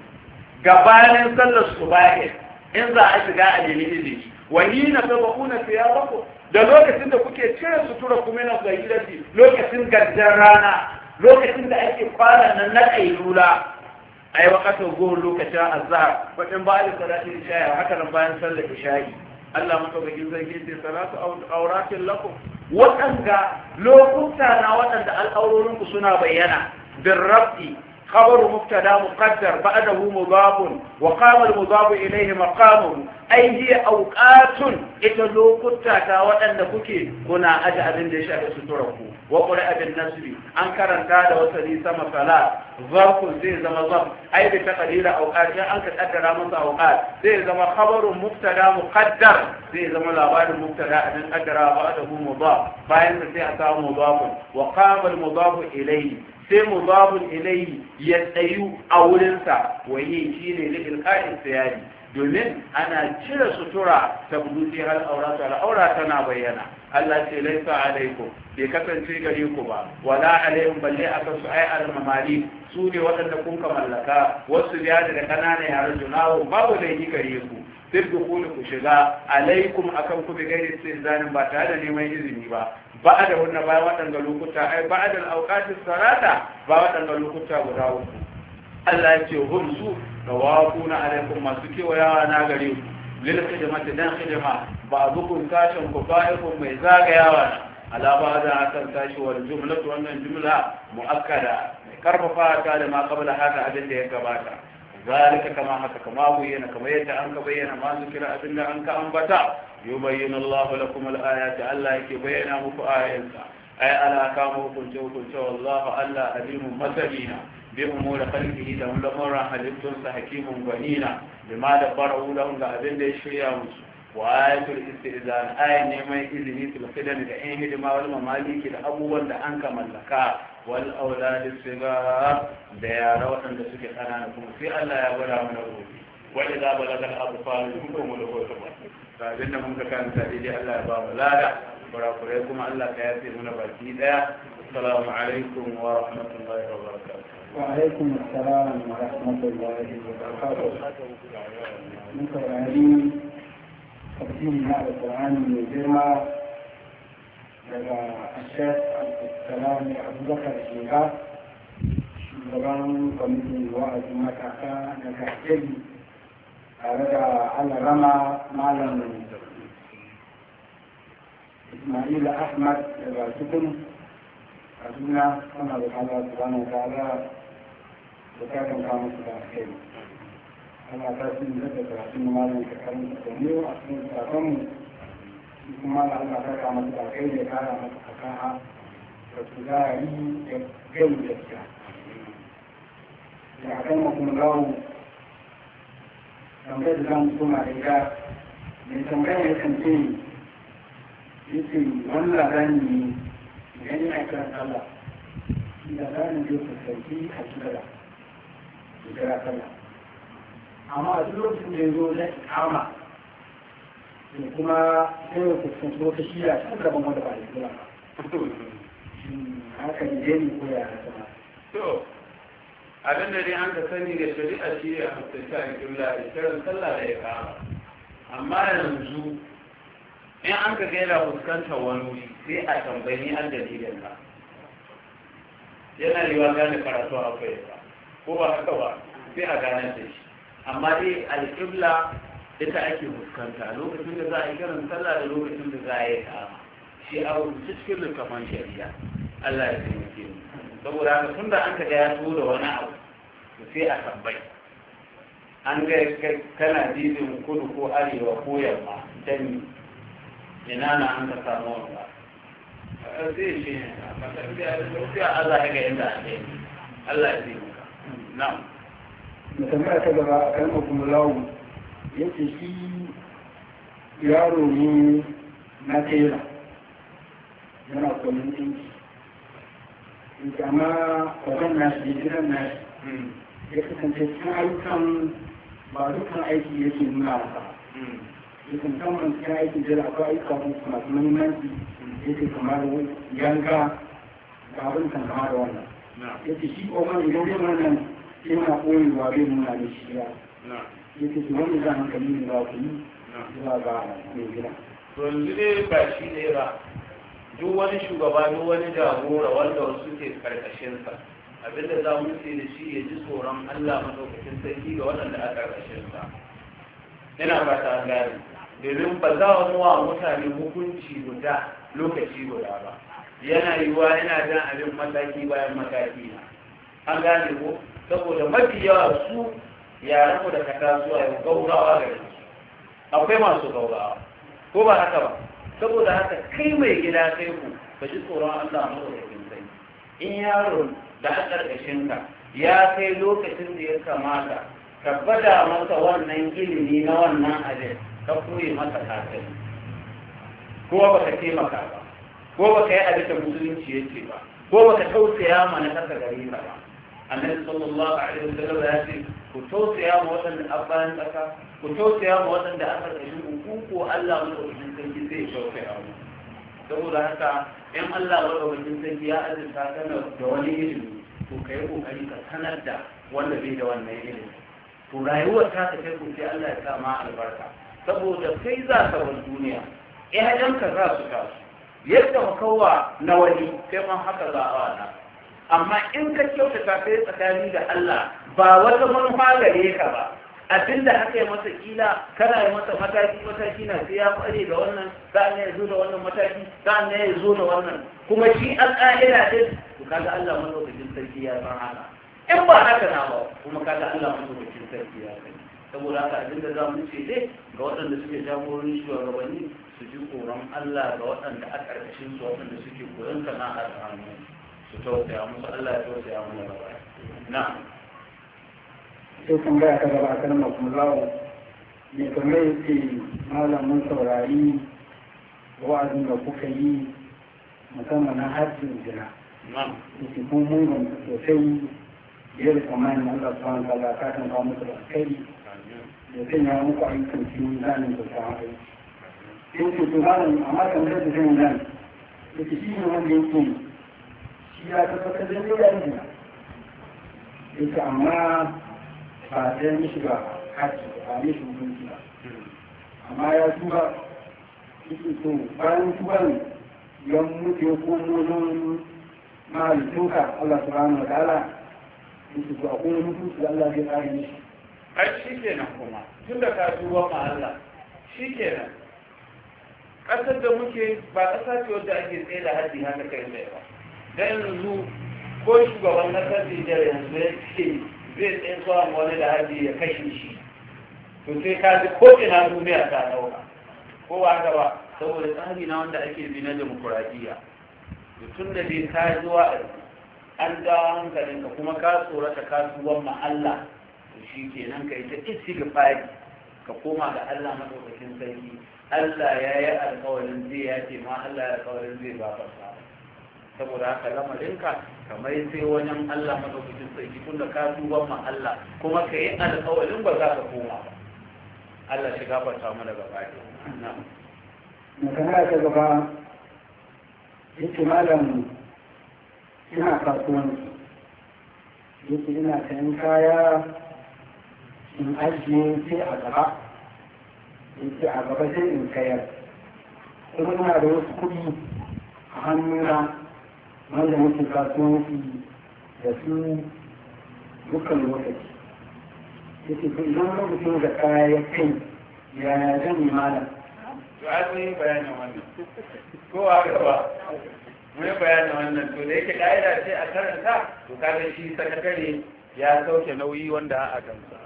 gabanin sallar subahi in za a shiga a nemi izini wa hina tabuna thiyabakum da lokacin da kuke cire sutura kuma na zayyirati lokacin gaddan rana lokacin da ake kwana nan na kailula ai wakatar gohon lokacin azhar baɗin ba da salatin isha'i haka nan bayan sallar isha'i Allah madaukakin sarki ce salatu auratin lakum waɗanda lokuta na waɗanda al'aurorinku suna bayyana bin rabbi خبر مبتدا مقدر بعده مضاف وقام المضاف اليه مقامه اي هي اوقات ita lokuta ta waɗanda kuke kuna aje abin da ya shafi suturar ku wa abin nasiri, an karanta da wasali sama sala zarfun zai zama zarf ai bi taqdira awqat ya an ka kaddara masa auka zai zama khabarun mu muqaddar zai zama labarin mubtada an kaddara mu ba bayan sai a samu mudaf wa qama al mudaf ilayhi sai mudafun ilayhi ya tsayu a wurinsa waye shine lil qa'id sayari domin ana cire sutura ta buɗe har aura al aura tana bayyana Allah ce laifa alaikum bai kasance gare ku ba wala alaihim balle akan su ai almamali su ne waɗanda kun ka mallaka wasu biya daga ƙananan yaran junawo babu laifi gare ku sai ku kula ku shiga alaikum akan ku bi gairi zanin ba tare da neman izini ba ba da wannan ba waɗanda lokuta ai ba da alƙatin sarata ba waɗanda lokuta guda uku Allah ya ce hum su tawafuna alaikum masu kewayawa na gare ku lil khidmati dan khidma ba'dukum kashin ku fa'ikum mai zagayawa ala ba'da akan kashi wal jumlatu wannan jumla muakkada karfafa ta da ma qabla haka abin da ya gabata zalika kama haka kama bayyana kama yadda an ka bayyana ma zikira abin da an ka ambata yubayyana Allahu lakum al-ayati Allah yake bayyana muku ayoyinsa ay ana kama hukunce hukunce wallahu Allah alimun masalina bi umuri khalqihi da lamura halittun sa hakimun ganina bima da fara'u lahum ga abin da ya shirya musu wa ayatul istizan ayan neman izini fil khidam da in hidima wal mamaliki da abubuwan da an ka mallaka wal auladi sigar da yara waɗanda suke kanana kuma sai Allah ya gwada mana gobe wani za ba lagar abu faru da ka Allah ya mu lada kuma Allah ka yafe na baki daya السلام عليكم ورحمة الله وبركاته وعليكم السلام ورحمة الله وبركاته من قرآنين تقديم مع القرآن من الجرمى لدى الشيخ عبد السلام أبو بكر الشيخ شبران واحد ما مكاكا نكاكي رجع على رمى معلم إسماعيل أحمد لدى سكن a juna suna da Allah subhanahu wa ta'ala da ta kan kama su da kai Allah ta shi da ta karatu na malamin ka karin da ne a cikin sakon mu shi kuma da ala ta kama su da kai da kara masa fasaha da kuzari da gaggauta da akan makumulawo tambayar da zamu koma da ita mai tambayar ya kan ce yake wannan rani ne idan yana kiran Allah da ranar yau ku sauki a kira ku kira sallah amma a duk lokacin da ya zo na ikama da kuma sai ya kuskanci wata shiya ta gaban wanda ba ya kira ba haka ne ne ko ya rasa to abin da dai an ka sani da shari'a shi ya haskaka a kira da kiran sallah da ya kama amma yanzu in an ka gaira fuskanta wani wuri sai a tambayi an dalilin ba yana yiwa gane karatu a kai ba ko ba haka ba sai a gane da shi amma dai alƙibla ita ake fuskanta lokacin da za a yi karin sallah da lokacin da za a yi ta shi a rubuce cikin littafin shari'a Allah ya taimake mu saboda haka tunda an ka gaya ya da wani abu sai a tambayi an ga kana dizin kudu ko arewa ko yamma dan ina na an ka samu wanda zai shi ne a matafiya Allah ya ga ake Allah ya zai na'am ta a shi yaro ne na tera yana kwanin ɗinki kama kwanan nashi gidan nashi hmm. ya kasance cikin ayyukan ba dukkan aiki yake nuna ba hmm. musamman cikin aikin jira ko akwai ko masu muhimmanci yake kamar yanka ga abin kan kama da wannan yake shi ƙoƙon idan zai wannan yana koyewa bai nuna da shi ya yake su wani za hankali ne za ku yi zuwa ga mai gida. yanzu dai ba shi ne ba duk wani shugaba duk wani jagora wanda wasu ke karkashinsa abinda za mu ce da shi ya ji tsoron Allah madaukakin sarki ga waɗanda a karkashinsa. Ina fata an gane. domin ba za mu wa mutane hukunci guda lokaci guda ba yana yiwuwa yana jan abin mataki bayan mataki na an gane ko saboda mafi yawa su yaran mu da kata zuwa yau gaurawa da su akwai masu gaurawa ko ba haka ba saboda haka kai mai gida kai ku ka ji tsoron Allah mu da kin sai in yaron da a karkashin ka ya kai lokacin da ya kamata ka gwada masa wannan ilimi na wannan abin ka koyi masa kafin ko ba ka taimaka ba ko ba ka yi abin da musulunci ce ba ko ba ka tausaya ma na kasa gare ka ba annabi sallallahu alaihi wasallam ya ce ku tausaya ma waɗanda abban tsaka ku tausaya ma waɗanda aka kashe ku ko Allah madaukakin sarki zai tausaya mu saboda haka in Allah madaukakin sarki ya azurta kana da wani ilimi to kai kokari ka sanar da wanda bai da wannan ilimi to rayuwar ta ta kai kuce Allah ya sa ma albarka saboda kai za ka bar duniya ƴaƴanka za su tasu yadda makawa na wani kai ma haka za a wata. amma in ka kyautata kai tsakani da Allah ba wata manufa gare ka ba abinda haka yi masa kila kana yi masa mataki mataki na sai ya kware da wannan sa'an ya zo da wannan mataki sa'an ya zo da wannan kuma shi an ƙa'ida ɗin, to kaga Allah malaukakin sarki ya san haka in ba haka na ba kuma kaga Allah da mutum sarki ya kai saboda haka abin da za mu ce dai ga waɗanda suke jagorori shugabanni su ji koran Allah ga waɗanda a ƙarƙashin su waɗanda suke koyon sana'ar hannu su tausaya musu Allah ya tausaya mu da ba na sai kun ga ka gaba kan makullawo me kamar yake malamin saurari wa'azin da kuka yi musamman na hajjin jira. Na'am. Yake kuma mun sosai yau da tsammanin Allah su wani kala kawo musu da kai da zai ya muku ayyukan cikin zanen da ta haɗu. Sai ce zanen amma kamar da zai nan da ke shi ne wanda yake shi ya tabbatar da zai yanzu. Yake amma ba zai mishi ba haƙi ba mishi hukunci ba. Amma ya tuba yake to bayan tuban yan mutu ya komo don mahalicinka Allah subhanahu wa ta'ala yake to akwai wani da Allah zai kare mishi ai shikenan kuma tun da ka duba ma Allah shikenan ƙasar da muke ba ƙasa ce wadda ake tsaye da haddi haka kai tsaye ba dan yanzu ko shugaban ƙasar jar yanzu ya ce zai tsaye tsawa wani da haddi ya kashe shi to sai ka ji ko ina duniya ta ɗauka ko ba haka ba saboda tsari na wanda ake bi na demokuraɗiyya tun da dai ka zuwa a an dawo hankalinka kuma ka tsorata kasuwan ma'alla da shi kenan ka yi ta istighfari ka koma ga Allah madaukakin sarki Allah ya yi alkawarin zai ya ce ma Allah ya alkawarin zai ba farsa saboda haka lamarinka kamar sai wani Allah madaukakin sarki tunda ka tuba ma Allah kuma ka yi alƙawarin ba za ka koma ba Allah shi gafarta mu daga baki na kana ta gaba yace mu. ina kasuwanci yake ina sayan kaya in ajiye sai a gaba yake a gaba sai in kayar kuma ina da wasu kuɗi a hannuna wanda muke kasuwanci da su dukkan lokaci yake ko idan sun da kaya ya kai yaya zan yi malam. Ba a yi bayanin wannan. Kowa gaba. mun bayanin wannan to da yake ka'ida ce a karanta to kaga shi sakatare ya sauke nauyi wanda a kansa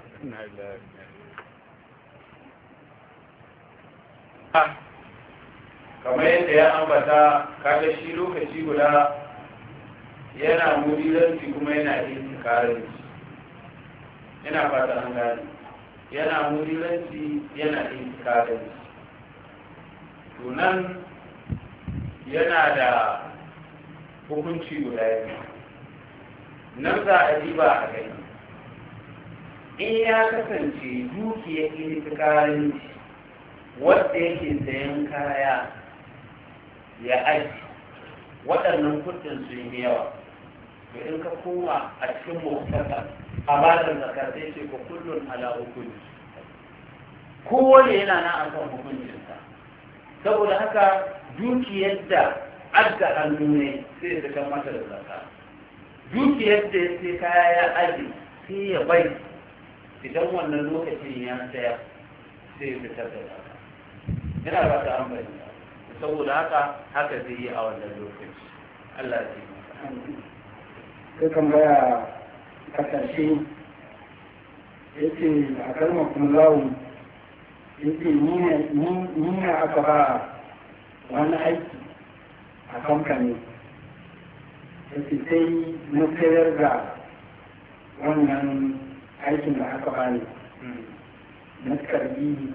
kamar yadda ya ambata kaga shi lokaci guda yana muriranci kuma yana yin karanci yana fata an gani yana muriranci yana yin karanci tunan yana da hukunci guda biyu nan za a riba a gani in ya kasance dukiyar ilifikarinci wadda yake sayan kaya ya aji waɗannan kudin su yi yawa to in ka koma a cikin mutaka a bada da sai ce ko kullun ala hukunci kowane yana na akan hukuncinsa saboda haka dukiyar da adda hannu ne sai ya kan mata da zaka dukiyar da ya sai kaya ya aji sai ya bai idan wannan lokacin ya saya sai ya fitar da zaka yana ba ta an bai saboda haka haka zai yi a wannan lokaci Allah ya yi kai kan baya kasashe yake a kalmar kuma zawon yake nina aka ba wani aiki a kamfani yake sai na sayar da wannan aikin da aka bani na karbi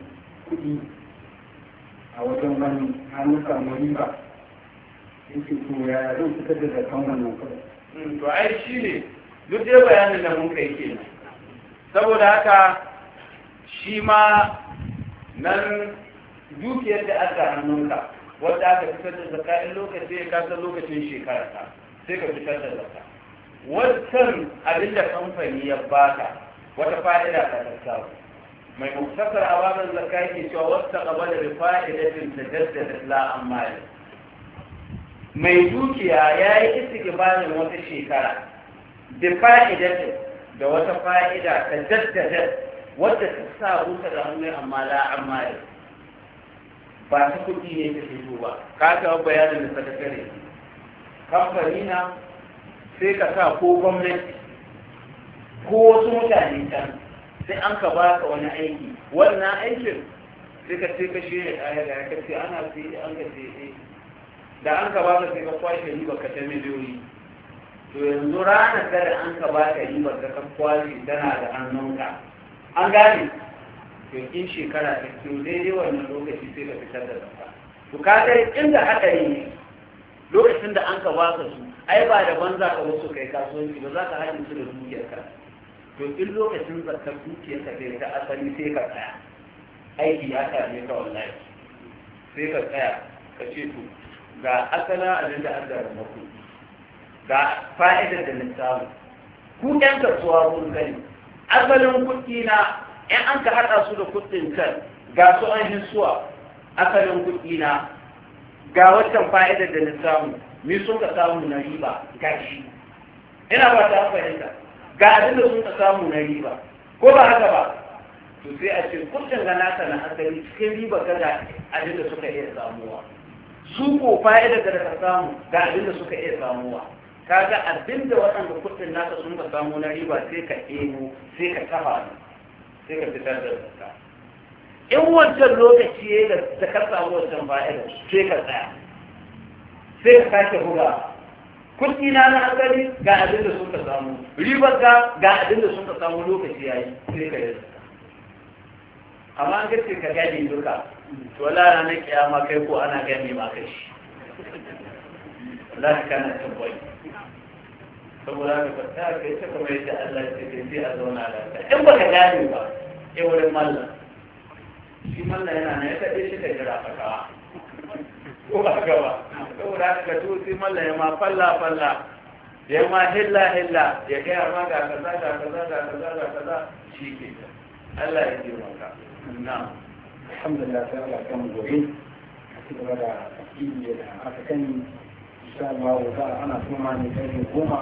kuɗi a wajen wani an samu riba yake to ya zan fitar da zaton wannan kuɗi hmm, to ai shi ne duk dai bayanin da mun yi kenan saboda haka shi ma nan dukiyar da aka hannunka wanda aka fitar da zakka in lokaci ya kasa lokacin shekara ta sai ka fitar da zakka wancan abin da kamfani ya baka wata fa'ida ta tattawa mai a awamin zakka yake cewa wata gaba da fa'idatin da la amma mai dukiya ya yi istiqbalin wata shekara da fa'idatin da wata fa'ida ta jaddada wadda ta sa buka da hannu amma la amma ba ta kuɗi ne ta fito ba ka ga bayanin da kare kamfani na sai ka sa ko gwamnati ko wasu mutane can sai an ka ba ka wani aiki wannan aikin sai ka sai ka shirya ɗaya da ka ce ana sai an ka sai da an ka ba ka sai ka kwashe riba ka ta miliyoyi to yanzu ranar da an ka ba ka riba ka kwashe tana da hannunka an gane to in shekara ta to daidai wannan lokaci sai ka fitar da zakka to ka ga inda haɗari ne lokacin da an ka ka su ai ba da banza ka wasu kai kasuwanci ba za ka haɗin su da ka to in lokacin zakkar ka bai ta asali sai ka tsaya aiki ya same ka wallahi sai ka tsaya ka ce to ga asala abin da Allah ya muku ga fa'idar da na samu ku ɗan kasuwa kun gani asalin kuɗi na in an ka haɗa su da kuɗin can ga su an yi suwa asalin kuɗi na ga wancan fa'idar da na samu ni sun ka samu na riba ga shi ina ba ta fahimta ga abin da sun ka samu na riba ko ba haka ba to sai a ce kuɗin ga naka na asali cikin riba ga ga abin da suka iya samuwa su ko fa'idar da ka samu ga abin da suka iya samuwa kaga abin da waɗanda kuɗin naka sun ka samu na riba sai ka ebo sai ka tafa sai ka fitar da in wancan lokaci ya yi da ka samu wancan fa'ida sai ka tsaya sai ka sake buga kuɗi na na asali ga abin da suka samu ribar ga ga abin da suka samu lokaci ya yi sai ka yi amma an gaske ka gani duka to wala ranar kiyama kai ko ana gani ma kai shi Allah ka na tabbata saboda ka fata kai ta kamar yadda Allah ya ce sai a zauna lafiya in baka gane ba sai wurin mallan shi mallan yana nan ya taɓe shi ta jira ka kawa ko ba ka ba saboda haka ka to sai mallan ya ma falla falla ya ma hilla hilla ya gaya ma ga kaza ga kaza ga kaza ga kaza shi ke Allah ya ji maka na'am alhamdulillah sai Allah ya mu gobe kuma da akili da aka sani insha Allah ana kuma ne kai goma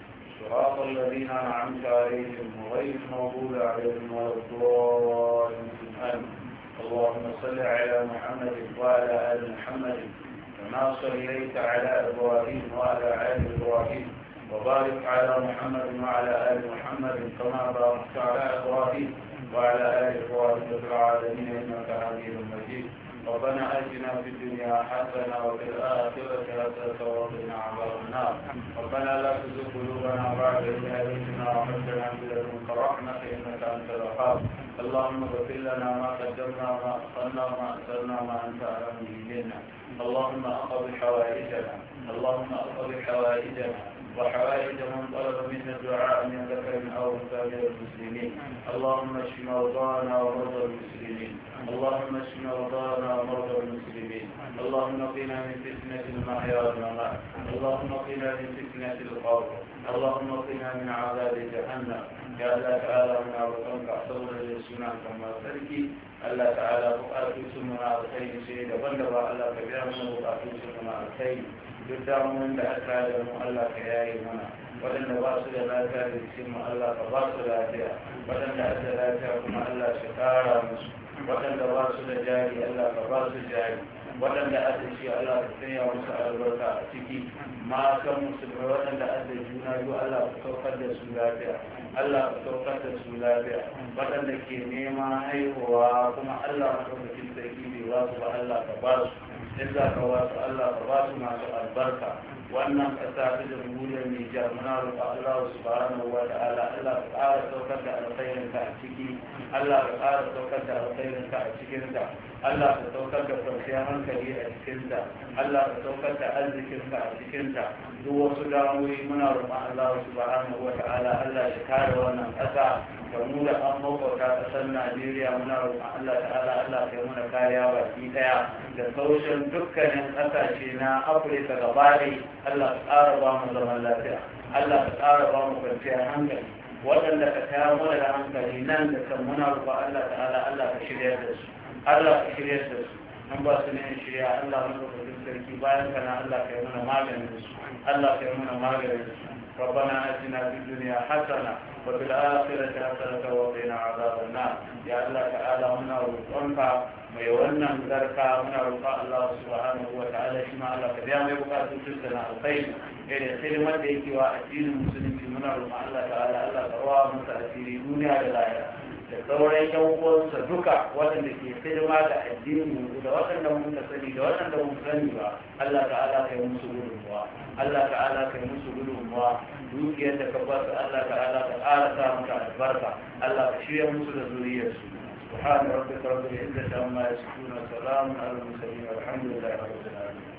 صراط الذين أنعمت عليهم غير المغضوب عليهم ولا الضالين آمين اللهم صل على محمد وعلى آل محمد كما صليت على إبراهيم وعلى آل إبراهيم وبارك على محمد وعلى آل محمد كما باركت على إبراهيم وعلى آل إبراهيم في العالمين إنك حميد مجيد ربنا آتنا في الدنيا حسنة وفي الآخرة حسنة وقنا عذاب النار ربنا لا تزغ قلوبنا بعد إذ هديتنا وهب لنا من لدنك رحمة إنك أنت الوهاب اللهم اغفر لنا ما قدمنا وما أخرنا وما أسرنا ما أنت أعلم به اللهم أقض حوائجنا اللهم أقض حوائجنا وحوائجهم طلب منا الدعاء من ذكر أو أنثى من المسلمين اللهم اشف مرضانا ومرضى المسلمين اللهم اشف مرضانا ومرضى المسلمين اللهم قنا من فتنة المحيا والممات اللهم قنا من فتنة القبر اللهم قنا من عذاب جهنم يا الله تعالى من أرضك أحصل للسنة كما تركي الله تعالى بقاتل سمنا الخير سيد بلغ الله كبيرا من بقاتل سمنا الخير duk damuwan da aka da mu Allah ka yaye mana waɗanda ba su da lafiya da cikin mu Allah ka ba su lafiya waɗanda aka lafiya kuma Allah shi ƙara musu waɗanda ba su da jari Allah ka ba su jari waɗanda aka ce Allah ka sanya musu albarka a ciki matan musulmai waɗanda aka juna biyu Allah ka saukar da su lafiya Allah ka saukar da su lafiya waɗanda ke neman haihuwa kuma Allah ka ɗaukakin sarki bai ba su ba Allah ka ba su in za ka wasu Allah ka ba su masu albarka wannan ƙasa ta jamhuriyar Nijar muna roƙa Allah subhanahu wa ta'ala Allah ka ƙara saukar da alkhairin ka a ciki Allah ka ƙara saukar da alkhairin ka a cikin ta Allah ka saukar da kwanciyar hankali a cikin ta Allah ka saukar da arzikin ka a cikin ta duk wasu damuwi muna roƙa Allah subhanahu wa ta'ala Allah ya kare wannan ƙasa da mu da an makwabta kasar najeriya muna roƙon allah ta'ala allah kai muna kariya baki daya da sauran dukkanin ƙasashe na afirka gaba allah ka ƙara ba mu zaman lafiya allah ka ƙara ba mu kwanciyar hankali waɗanda ka kaya mana da hankali nan da kan muna roƙon allah ta'ala allah ka shirya da su allah ka shirya da su an ba su ne shirya allah mu da sarki bayan kana allah kai muna maganin su allah kai muna maganin su ربنا اتنا في الدنيا حسنه وفي الاخره حسنه وقنا عذاب النار يا الله تعالى منا roƙonka mai wannan zarka muna roƙa Allah subhanahu wa ta'ala shi ma Allah ka biya mai bukatun tunta na alkhairi irin hidimar da yake wa addinin musulunci muna roƙa Allah ta'ala Allah ka rawa musu asiri duniya da lahira da sauran yawonsa duka waɗanda ke hidima da addini da waɗanda mun da sani da waɗanda mun sani ba Allah ta'ala ka yi musu gudunmuwa Allah ta'ala ka yi musu gudunmuwa dukiyar da ka ba su Allah ta'ala ka ƙara sa maka albarka Allah ka shirya musu da zuriyarsu سبحان ربك رب ta عما يصفون وسلام على المرسلين والحمد لله رب العالمين